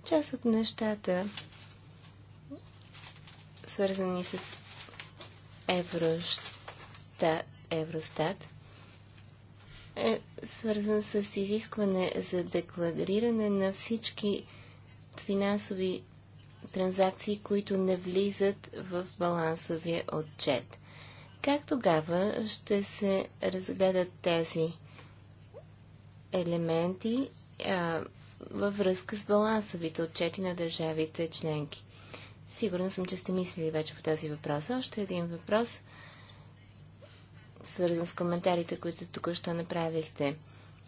Част от нещата, свързани с Евростат, Евростат е свързан с изискване за деклариране на всички финансови транзакции, които не влизат в балансовия отчет. Как тогава ще се разгледат тези елементи а, във връзка с балансовите отчети на държавите членки? Сигурна съм, че сте мислили вече по този въпрос. Още един въпрос, свързан с коментарите, които току що направихте.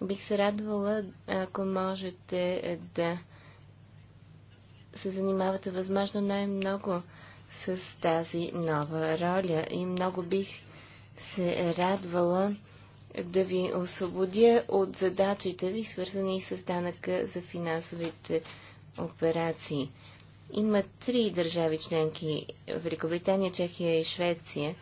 Бих се радвала, ако можете да се занимавате възможно най-много с тази нова роля и много бих се радвала да ви освободя от задачите ви, свързани с данъка за финансовите операции. Има три държави членки Великобритания, Чехия и Швеция,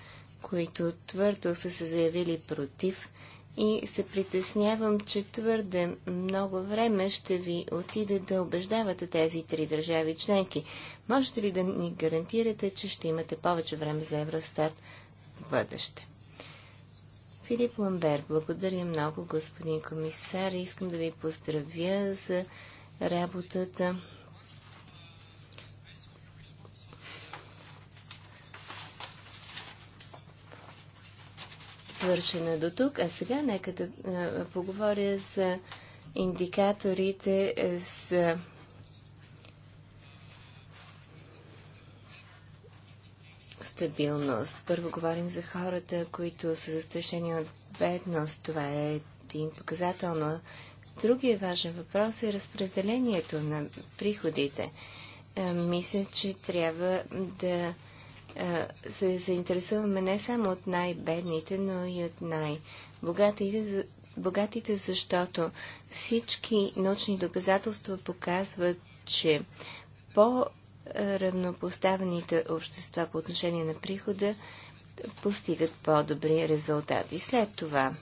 които твърдо са се заявили против и се притеснявам, че твърде много време ще ви отиде да убеждавате тези три държави членки. Можете ли да ни гарантирате, че ще имате повече време за Евростат в бъдеще? Филип Ламбер, благодаря много, господин комисар. Искам да ви поздравя за работата свършена до тук, а сега нека да поговоря за индикаторите с е, стабилност. Първо говорим за хората, които са застрашени от бедност. Това е един показател, но другия важен въпрос е разпределението на приходите. Е, мисля, че трябва да се заинтересуваме не само от най-бедните, но и от най-богатите, богатите, защото всички научни доказателства показват, че по-равнопоставените общества по отношение на прихода постигат по-добри резултати. След това,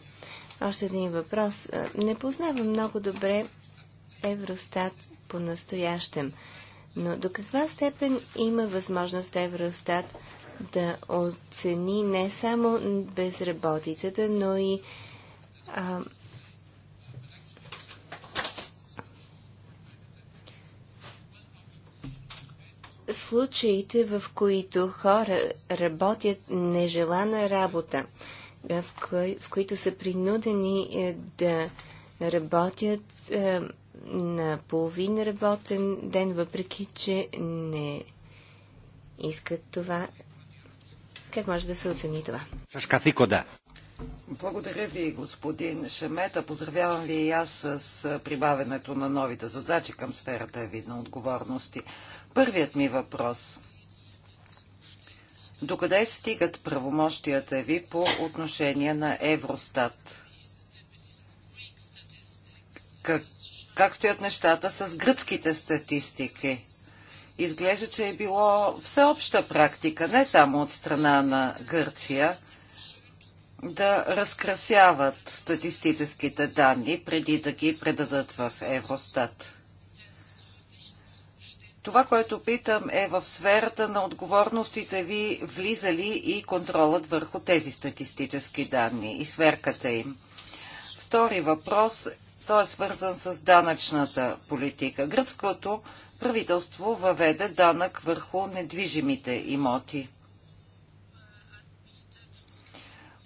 още един въпрос. Не познавам много добре Евростат по настоящем. Но до каква степен има възможност Евростат да оцени не само безработицата, но и а, случаите, в които хора работят нежелана работа, в, кои, в които са принудени е, да работят А, е, на половин работен ден, въпреки че не искат това. Как може да се оцени това? С Благодаря ви, господин Шемета. Поздравявам ви и аз с прибавенето на новите задачи към сферата ви на отговорности. Първият ми въпрос. Докъде стигат правомощията ви по отношение на Евростат? Как как стоят нещата с гръцките статистики. Изглежда, че е било всеобща практика, не само от страна на Гърция, да разкрасяват статистическите данни преди да ги предадат в Евростат. Това, което питам е в сферата на отговорностите ви влиза ли и контролът върху тези статистически данни и сверката им. Втори въпрос той е свързан с данъчната политика. Гръцкото правителство въведе данък върху недвижимите имоти.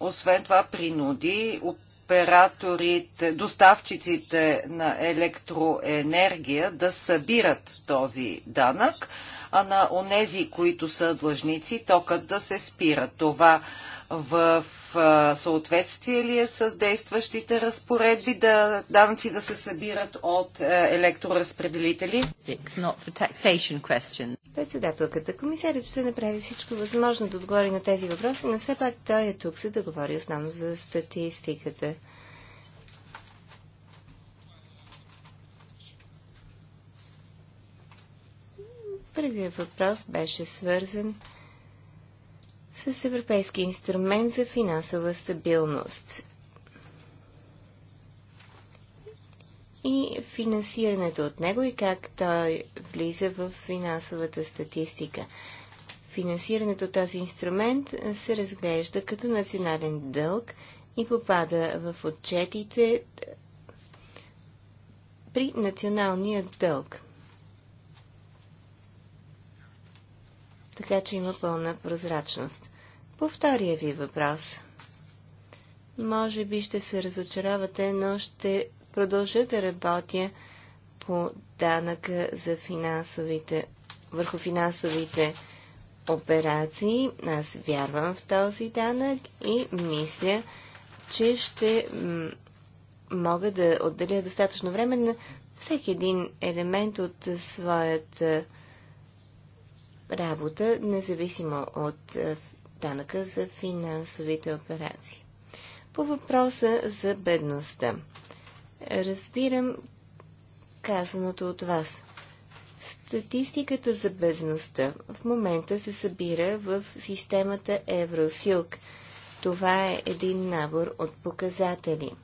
Освен това принуди операторите, доставчиците на електроенергия да събират този данък, а на онези, които са длъжници, токът да се спира. Това в съответствие ли е с действащите разпоредби да данъци да се събират от електроразпределители? Председателката комисарят ще направи всичко възможно да отговори на тези въпроси, но все пак той е тук, за да говори основно за статистиката. Първият въпрос беше свързан с Европейски инструмент за финансова стабилност и финансирането от него и как той влиза в финансовата статистика. Финансирането от този инструмент се разглежда като национален дълг и попада в отчетите при националния дълг. така че има пълна прозрачност. По втория ви въпрос. Може би ще се разочаровате, но ще продължа да работя по данъка за финансовите, върху финансовите операции. Аз вярвам в този данък и мисля, че ще мога да отделя достатъчно време на всеки един елемент от своята работа, независимо от е, данъка за финансовите операции. По въпроса за бедността. Разбирам казаното от вас. Статистиката за бедността в момента се събира в системата Евросилк. Това е един набор от показатели.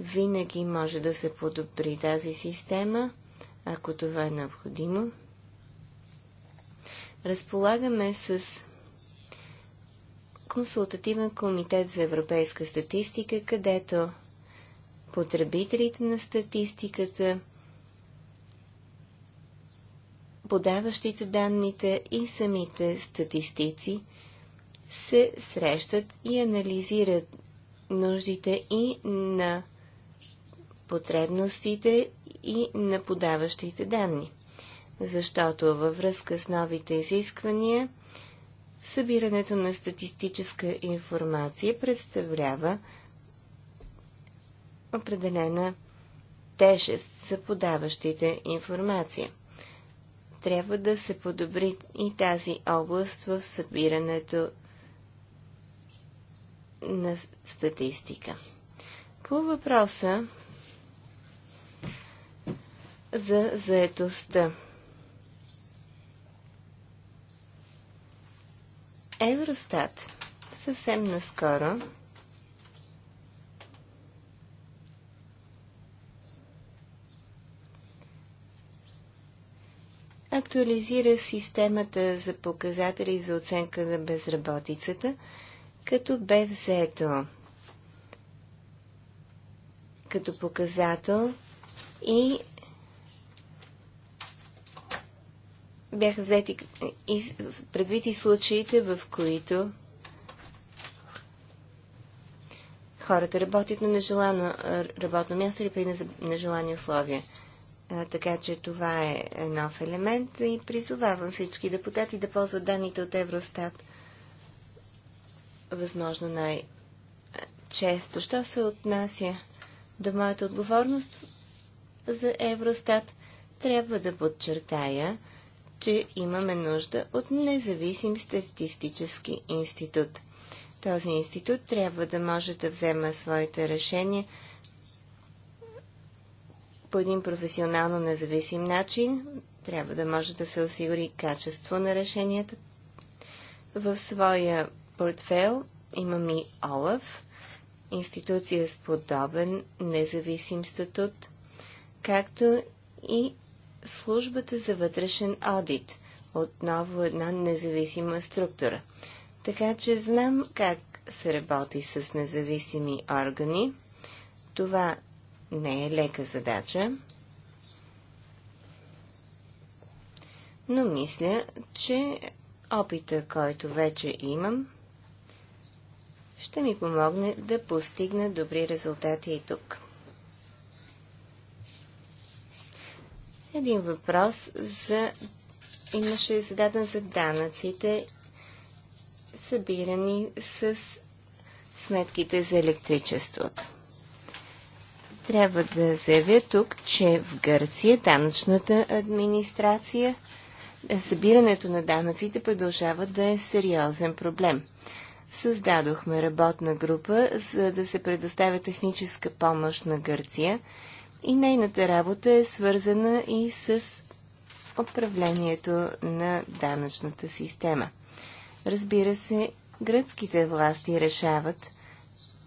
Винаги може да се подобри тази система, ако това е необходимо разполагаме с консултативен комитет за европейска статистика, където потребителите на статистиката, подаващите данните и самите статистици се срещат и анализират нуждите и на потребностите и на подаващите данни защото във връзка с новите изисквания, събирането на статистическа информация представлява определена тежест за подаващите информация. Трябва да се подобри и тази област в събирането на статистика. По въпроса за заетостта. Евростат съвсем наскоро актуализира системата за показатели за оценка на безработицата, като бе взето като показател и бяха взети и предвид и случаите, в които хората работят на нежелано работно място или при нежелани условия. така че това е нов елемент и призовавам всички депутати да ползват данните от Евростат възможно най-често. Що се отнася до моята отговорност за Евростат, трябва да подчертая, че имаме нужда от независим статистически институт. Този институт трябва да може да взема своите решения по един професионално независим начин. Трябва да може да се осигури качество на решенията. В своя портфел имам и ОЛАФ, институция с подобен независим статут, както и службата за вътрешен одит. Отново една независима структура. Така че знам как се работи с независими органи. Това не е лека задача. Но мисля, че опита, който вече имам, ще ми помогне да постигна добри резултати и тук. един въпрос за... имаше зададен за данъците, събирани с сметките за електричеството. Трябва да заявя тук, че в Гърция данъчната администрация, събирането на данъците продължава да е сериозен проблем. Създадохме работна група, за да се предоставя техническа помощ на Гърция – и нейната работа е свързана и с управлението на данъчната система. Разбира се, гръцките власти решават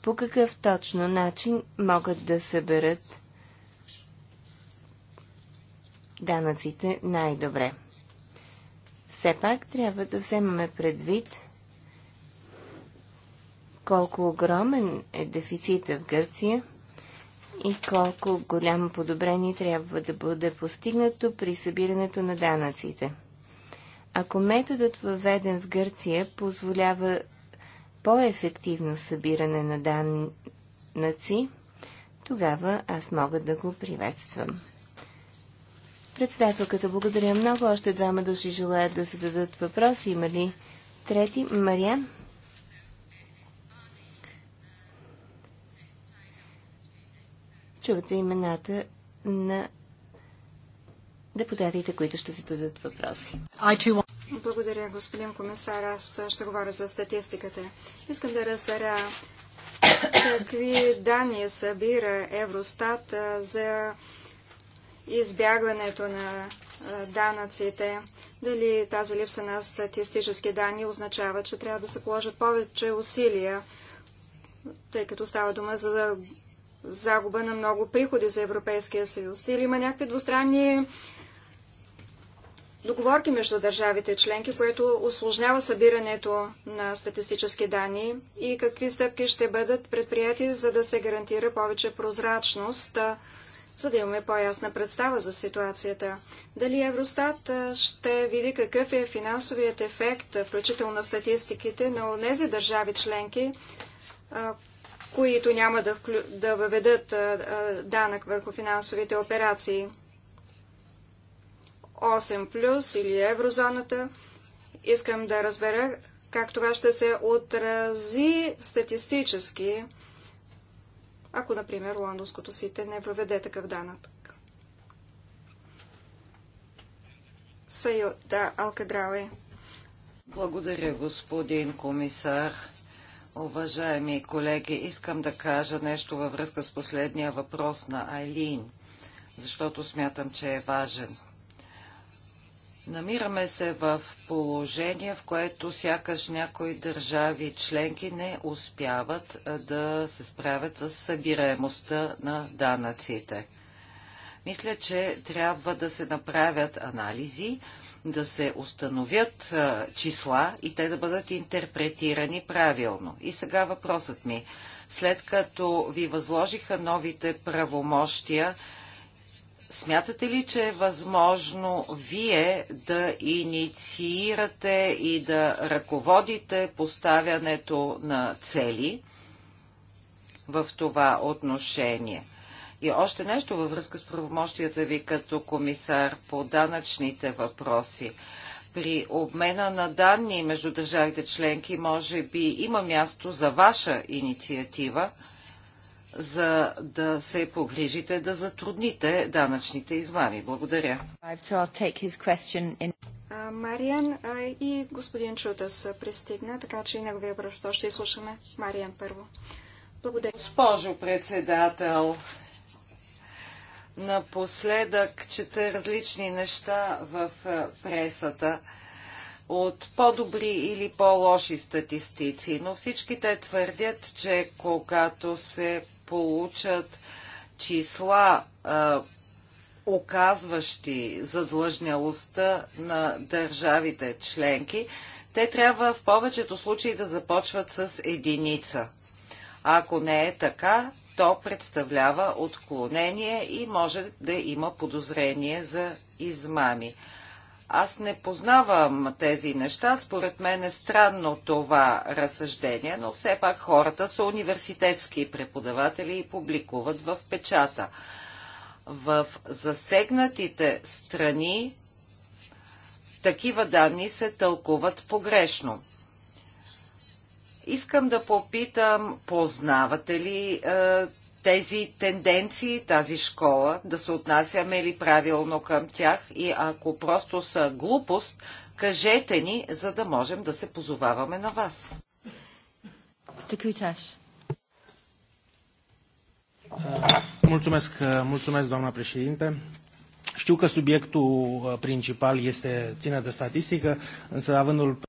по какъв точно начин могат да съберат данъците най-добре. Все пак трябва да вземаме предвид колко огромен е дефицита в Гърция – и колко голямо подобрение трябва да бъде постигнато при събирането на данъците. Ако методът въведен в Гърция позволява по-ефективно събиране на данъци, тогава аз мога да го приветствам. Председателката, благодаря много. Още двама души желаят да зададат въпроси. Има ли трети? Мариан, чувате имената на депутатите, които ще зададат въпроси. Благодаря, господин комисар. Аз ще говоря за статистиката. Искам да разбера какви данни събира Евростат за избягването на данъците. Дали тази липса на статистически данни означава, че трябва да се положат повече усилия, тъй като става дума за загуба на много приходи за Европейския съюз? Или има някакви двустранни договорки между държавите членки, което осложнява събирането на статистически данни и какви стъпки ще бъдат предприяти, за да се гарантира повече прозрачност, за да имаме по-ясна представа за ситуацията. Дали Евростат ще види какъв е финансовият ефект, включително на статистиките на тези държави членки, които няма да, вклю... да въведат данък върху финансовите операции. 8 плюс или еврозоната. Искам да разбера как това ще се отрази статистически, ако, например, лондонското сите не въведе такъв данък. Съюда Алкадрауи. Благодаря, господин комисар. Уважаеми колеги, искам да кажа нещо във връзка с последния въпрос на Айлин, защото смятам, че е важен. Намираме се в положение, в което сякаш някои държави членки не успяват да се справят с събираемостта на данъците. Мисля, че трябва да се направят анализи, да се установят а, числа и те да бъдат интерпретирани правилно. И сега въпросът ми. След като ви възложиха новите правомощия, смятате ли, че е възможно вие да инициирате и да ръководите поставянето на цели в това отношение? И още нещо във връзка с правомощията ви като комисар по данъчните въпроси. При обмена на данни между държавите членки може би има място за ваша инициатива, за да се погрижите да затрудните данъчните измами. Благодаря. Мариан и господин Чутас пристигна, така че и неговия пръв ще изслушаме. Мариан първо. Благодаря. Госпожо председател, Напоследък чета различни неща в е, пресата от по-добри или по-лоши статистици, но всички те твърдят, че когато се получат числа, а, е, оказващи задлъжнялостта на държавите членки, те трябва в повечето случаи да започват с единица. ако не е така, то представлява отклонение и може да има подозрение за измами. Аз не познавам тези неща. Според мен е странно това разсъждение, но все пак хората са университетски преподаватели и публикуват в печата. В засегнатите страни такива данни се тълкуват погрешно. Искам да попитам, познавате ли е, тези тенденции, тази школа, да се отнасяме ли правилно към тях и ако просто са глупост, кажете ни, за да можем да се позоваваме на вас. Стекуташ. Mulțumesc, mulțumesc, doamna președinte. Știu că subiectul е, principal este ține de statistică, însă avândul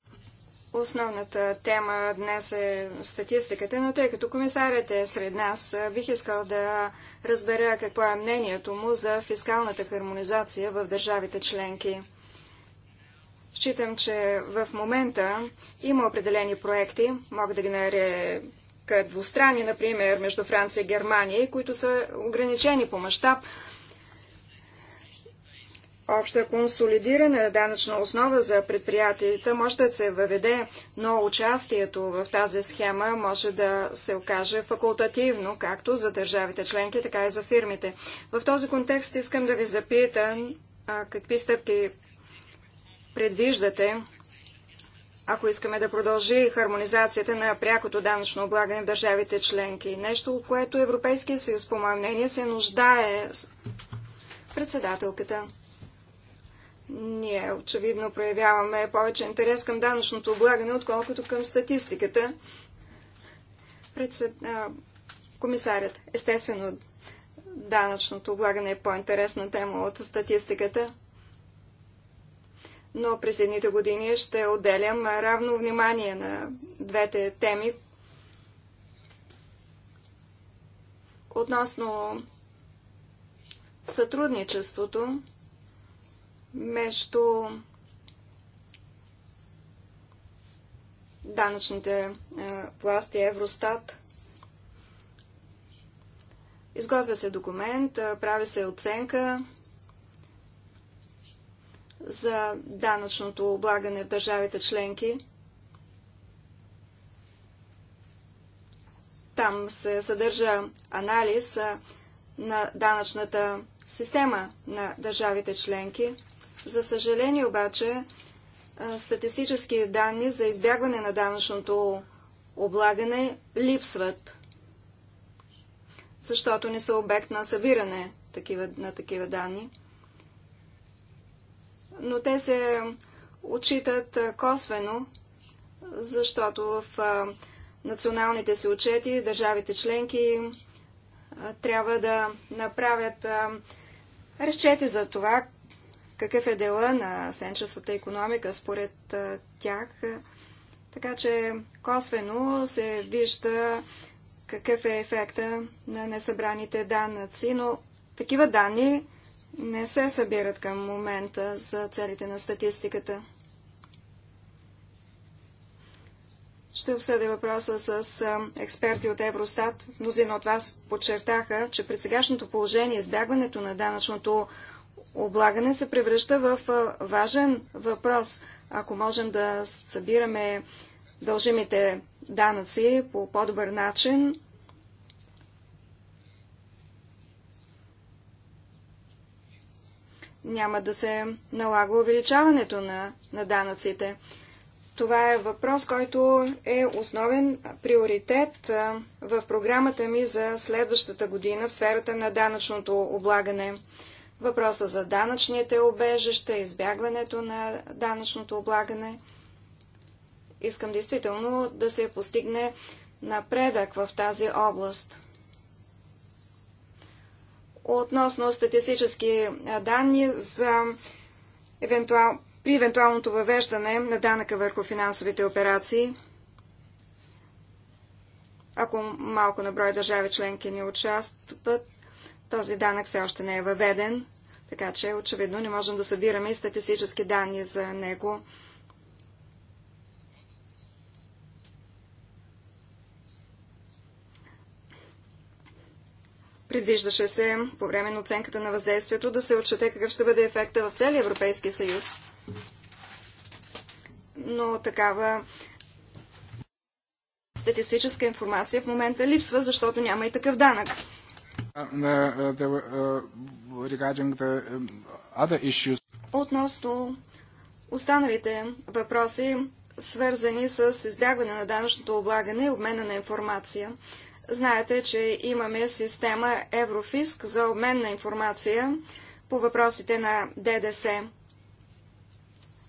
Основната тема днес е статистиката, но тъй като комисарят е сред нас, бих искал да разбера какво е мнението му за фискалната хармонизация в държавите членки. Считам, че в момента има определени проекти, мога да ги нарека двустрани, например, между Франция и Германия, които са ограничени по мащаб, обща консолидирана данъчна основа за предприятията може да се въведе, но участието в тази схема може да се окаже факултативно, както за държавите членки, така и за фирмите. В този контекст искам да ви запитам а, какви стъпки предвиждате, ако искаме да продължи хармонизацията на прякото данъчно облагане в държавите членки. Нещо, което Европейския съюз, по мое мнение, се нуждае председателката. Ние очевидно проявяваме повече интерес към данъчното облагане, отколкото към статистиката. Председ... Комисарят, естествено, данъчното облагане е по-интересна тема от статистиката, но през едните години ще отделям равно внимание на двете теми. Относно сътрудничеството, между данъчните е, власти Евростат. Изготвя се документ, е, прави се оценка за данъчното облагане в държавите членки. Там се съдържа анализ е, на данъчната система на държавите членки. За съжаление обаче, статистически данни за избягване на данъчното облагане липсват, защото не са обект на събиране на такива данни. Но те се отчитат косвено, защото в националните си отчети държавите членки трябва да направят разчети за това какъв е дела на сенчестата економика според тях. Така че косвено се вижда какъв е ефекта на несъбраните данъци, но такива данни не се събират към момента за целите на статистиката. Ще обсъдя въпроса с експерти от Евростат. Мнозина от вас подчертаха, че при сегашното положение избягването на данъчното облагане се превръща в важен въпрос. Ако можем да събираме дължимите данъци по по-добър начин, няма да се налага увеличаването на, на данъците. Това е въпрос, който е основен приоритет в програмата ми за следващата година в сферата на данъчното облагане въпроса за данъчните обежища, избягването на данъчното облагане. Искам действително да се постигне напредък в тази област. Относно статистически данни за евентуал... при евентуалното въвеждане на данъка върху финансовите операции, ако малко на брой държави членки не участват, този данък все още не е въведен, така че очевидно не можем да събираме и статистически данни за него. Предвиждаше се по време на оценката на въздействието да се отчете какъв ще бъде ефекта в целия Европейски съюз. Но такава статистическа информация в момента липсва, защото няма и такъв данък. Um, Относно останалите въпроси, свързани с избягване на данъчното облагане и обмена на информация. Знаете, че имаме система Еврофиск за обмен на информация по въпросите на ДДС.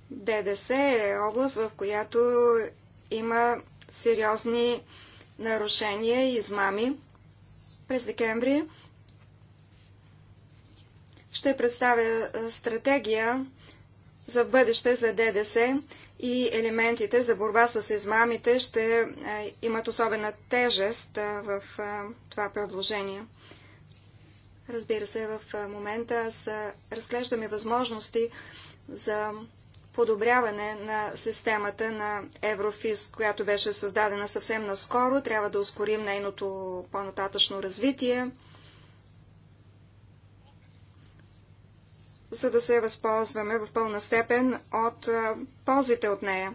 ДДС е област, в която има сериозни нарушения и измами. През декември ще представя стратегия за бъдеще за ДДС и елементите за борба с измамите ще имат особена тежест в това предложение. Разбира се, в момента аз разглеждаме възможности за подобряване на системата на Еврофис, която беше създадена съвсем наскоро. Трябва да ускорим нейното по-нататъчно развитие, за да се възползваме в пълна степен от ползите от нея.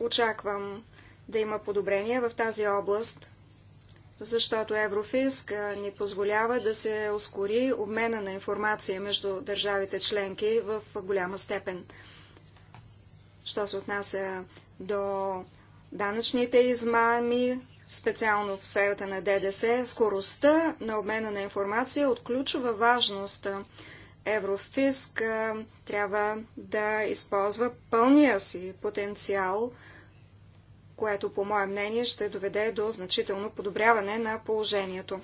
Очаквам да има подобрения в тази област защото Еврофиск ни позволява да се ускори обмена на информация между държавите членки в голяма степен. Що се отнася до данъчните измами, специално в сферата на ДДС, скоростта на обмена на информация е отключва важност. Еврофиск трябва да използва пълния си потенциал – което по мое мнение ще доведе до значително подобряване на положението.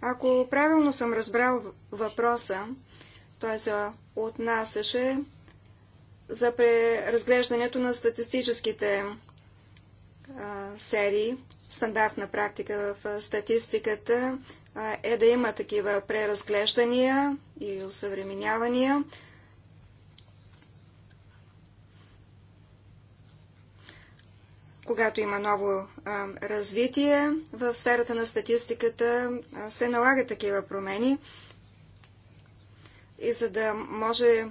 Ако правилно съм разбрал въпроса, той се отнасяше за преразглеждането на статистическите а, серии. Стандартна практика в статистиката а, е да има такива преразглеждания и усъвременявания. когато има ново а, развитие в сферата на статистиката, а, се налагат такива промени. И за да може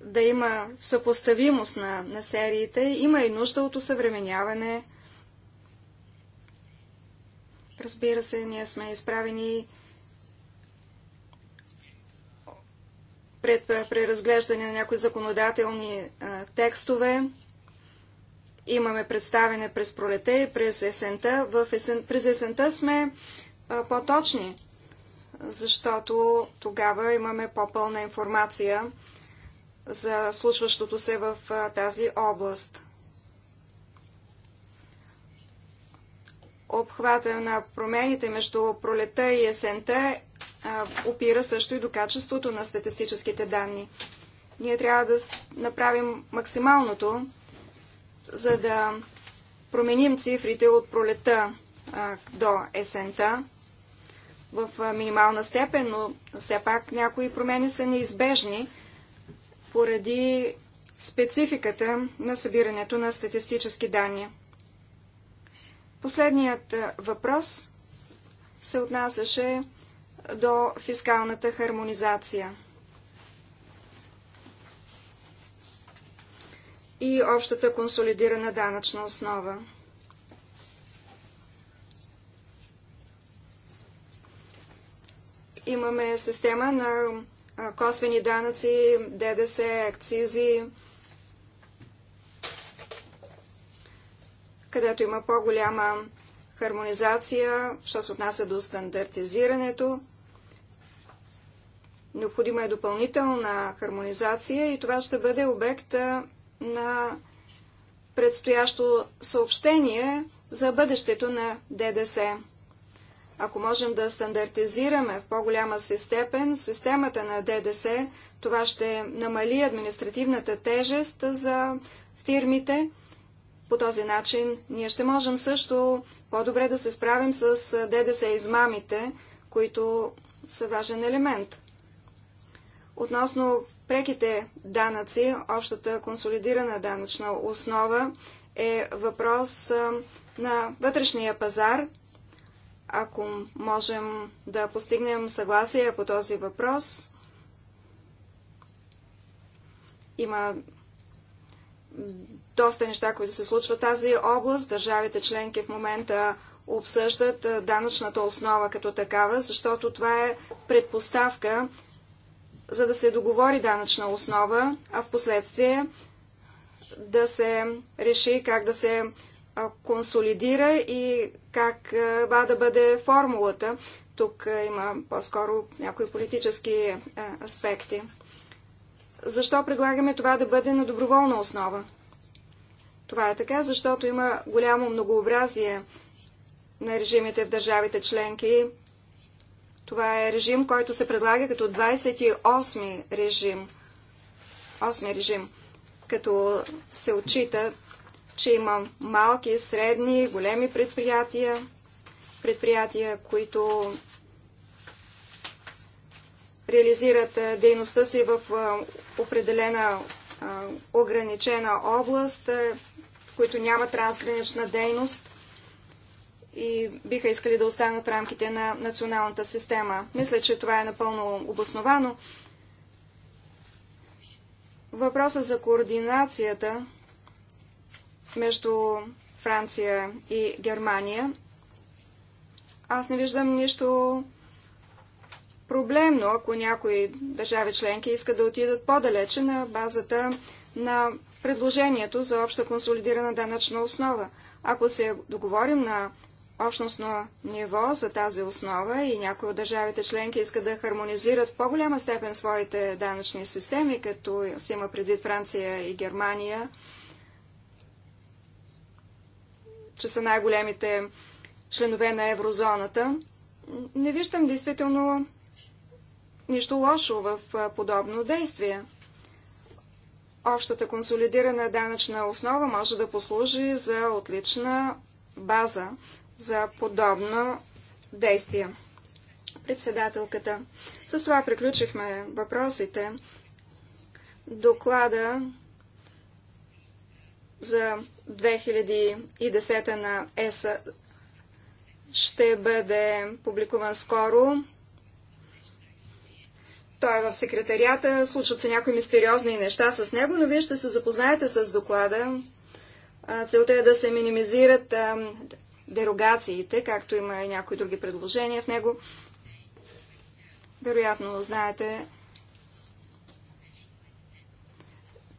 да има съпоставимост на, на сериите, има и нужда от усъвременяване. Разбира се, ние сме изправени пред преразглеждане на някои законодателни а, текстове. Имаме представяне през пролете и през есента. В есен... През есента сме по-точни, защото тогава имаме по-пълна информация за случващото се в а, тази област. Обхвата на промените между пролета и есента а, опира също и до качеството на статистическите данни. Ние трябва да направим максималното, за да променим цифрите от пролета до есента в минимална степен, но все пак някои промени са неизбежни поради спецификата на събирането на статистически данни. Последният въпрос се отнасяше до фискалната хармонизация. и общата консолидирана данъчна основа. Имаме система на косвени данъци, ДДС, акцизи, където има по-голяма хармонизация, що се отнася до стандартизирането. Необходима е допълнителна хармонизация и това ще бъде обект на предстоящо съобщение за бъдещето на ДДС. Ако можем да стандартизираме в по-голяма си степен системата на ДДС, това ще намали административната тежест за фирмите. По този начин ние ще можем също по-добре да се справим с ДДС измамите, които са важен елемент. Относно Преките данъци, общата консолидирана данъчна основа е въпрос на вътрешния пазар. Ако можем да постигнем съгласие по този въпрос, има доста неща, които се случват тази област. Държавите членки в момента обсъждат данъчната основа като такава, защото това е предпоставка за да се договори данъчна основа, а в последствие да се реши как да се консолидира и как ба да бъде формулата. Тук има по-скоро някои политически аспекти. Защо предлагаме това да бъде на доброволна основа? Това е така, защото има голямо многообразие на режимите в държавите членки, това е режим, който се предлага като 28 режим. 8 режим. Като се отчита, че има малки, средни, големи предприятия, предприятия, които реализират дейността си в определена ограничена област, които нямат трансгранична дейност и биха искали да останат в рамките на националната система. Мисля, че това е напълно обосновано. Въпросът за координацията между Франция и Германия. Аз не виждам нищо проблемно, ако някои държави членки искат да отидат по-далече на базата на предложението за обща консолидирана данъчна основа. Ако се договорим на общностно ниво за тази основа и някои от държавите членки искат да хармонизират в по-голяма степен своите данъчни системи, като се има предвид Франция и Германия, че са най-големите членове на еврозоната. Не виждам действително нищо лошо в подобно действие. Общата консолидирана данъчна основа може да послужи за отлична база за подобно действие. Председателката. С това приключихме въпросите. Доклада за 2010 на ЕСА ще бъде публикуван скоро. Той е в секретарията, случват се някои мистериозни неща с него, но вие ще се запознаете с доклада. Целта е да се минимизират дерогациите, както има и някои други предложения в него. Вероятно знаете,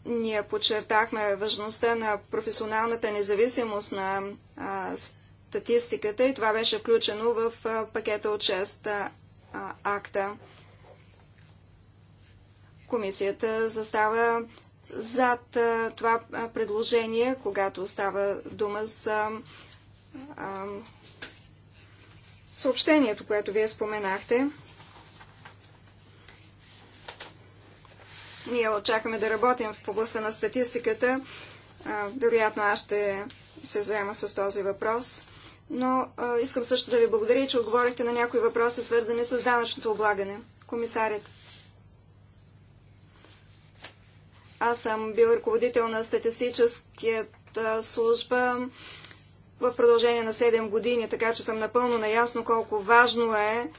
ние подчертахме важността на професионалната независимост на а, статистиката и това беше включено в а, пакета от 6 а, акта. Комисията застава зад това предложение, когато става дума за а, съобщението, което вие споменахте. Ние очакваме да работим в областта на статистиката. А, вероятно аз ще се заема с този въпрос. Но а, искам също да ви благодаря, че отговорихте на някои въпроси, свързани с данъчното облагане. Комисарят. Аз съм бил ръководител на статистическият служба в продължение на 7 години, така че съм напълно наясно колко важно е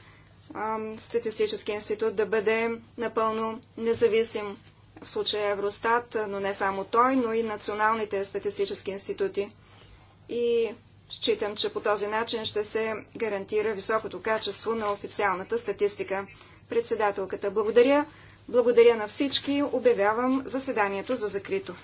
Статистически институт да бъде напълно независим. В случая Евростат, но не само той, но и националните статистически институти. И считам, че по този начин ще се гарантира високото качество на официалната статистика. Председателката, благодаря. Благодаря на всички. Обявявам заседанието за закрито.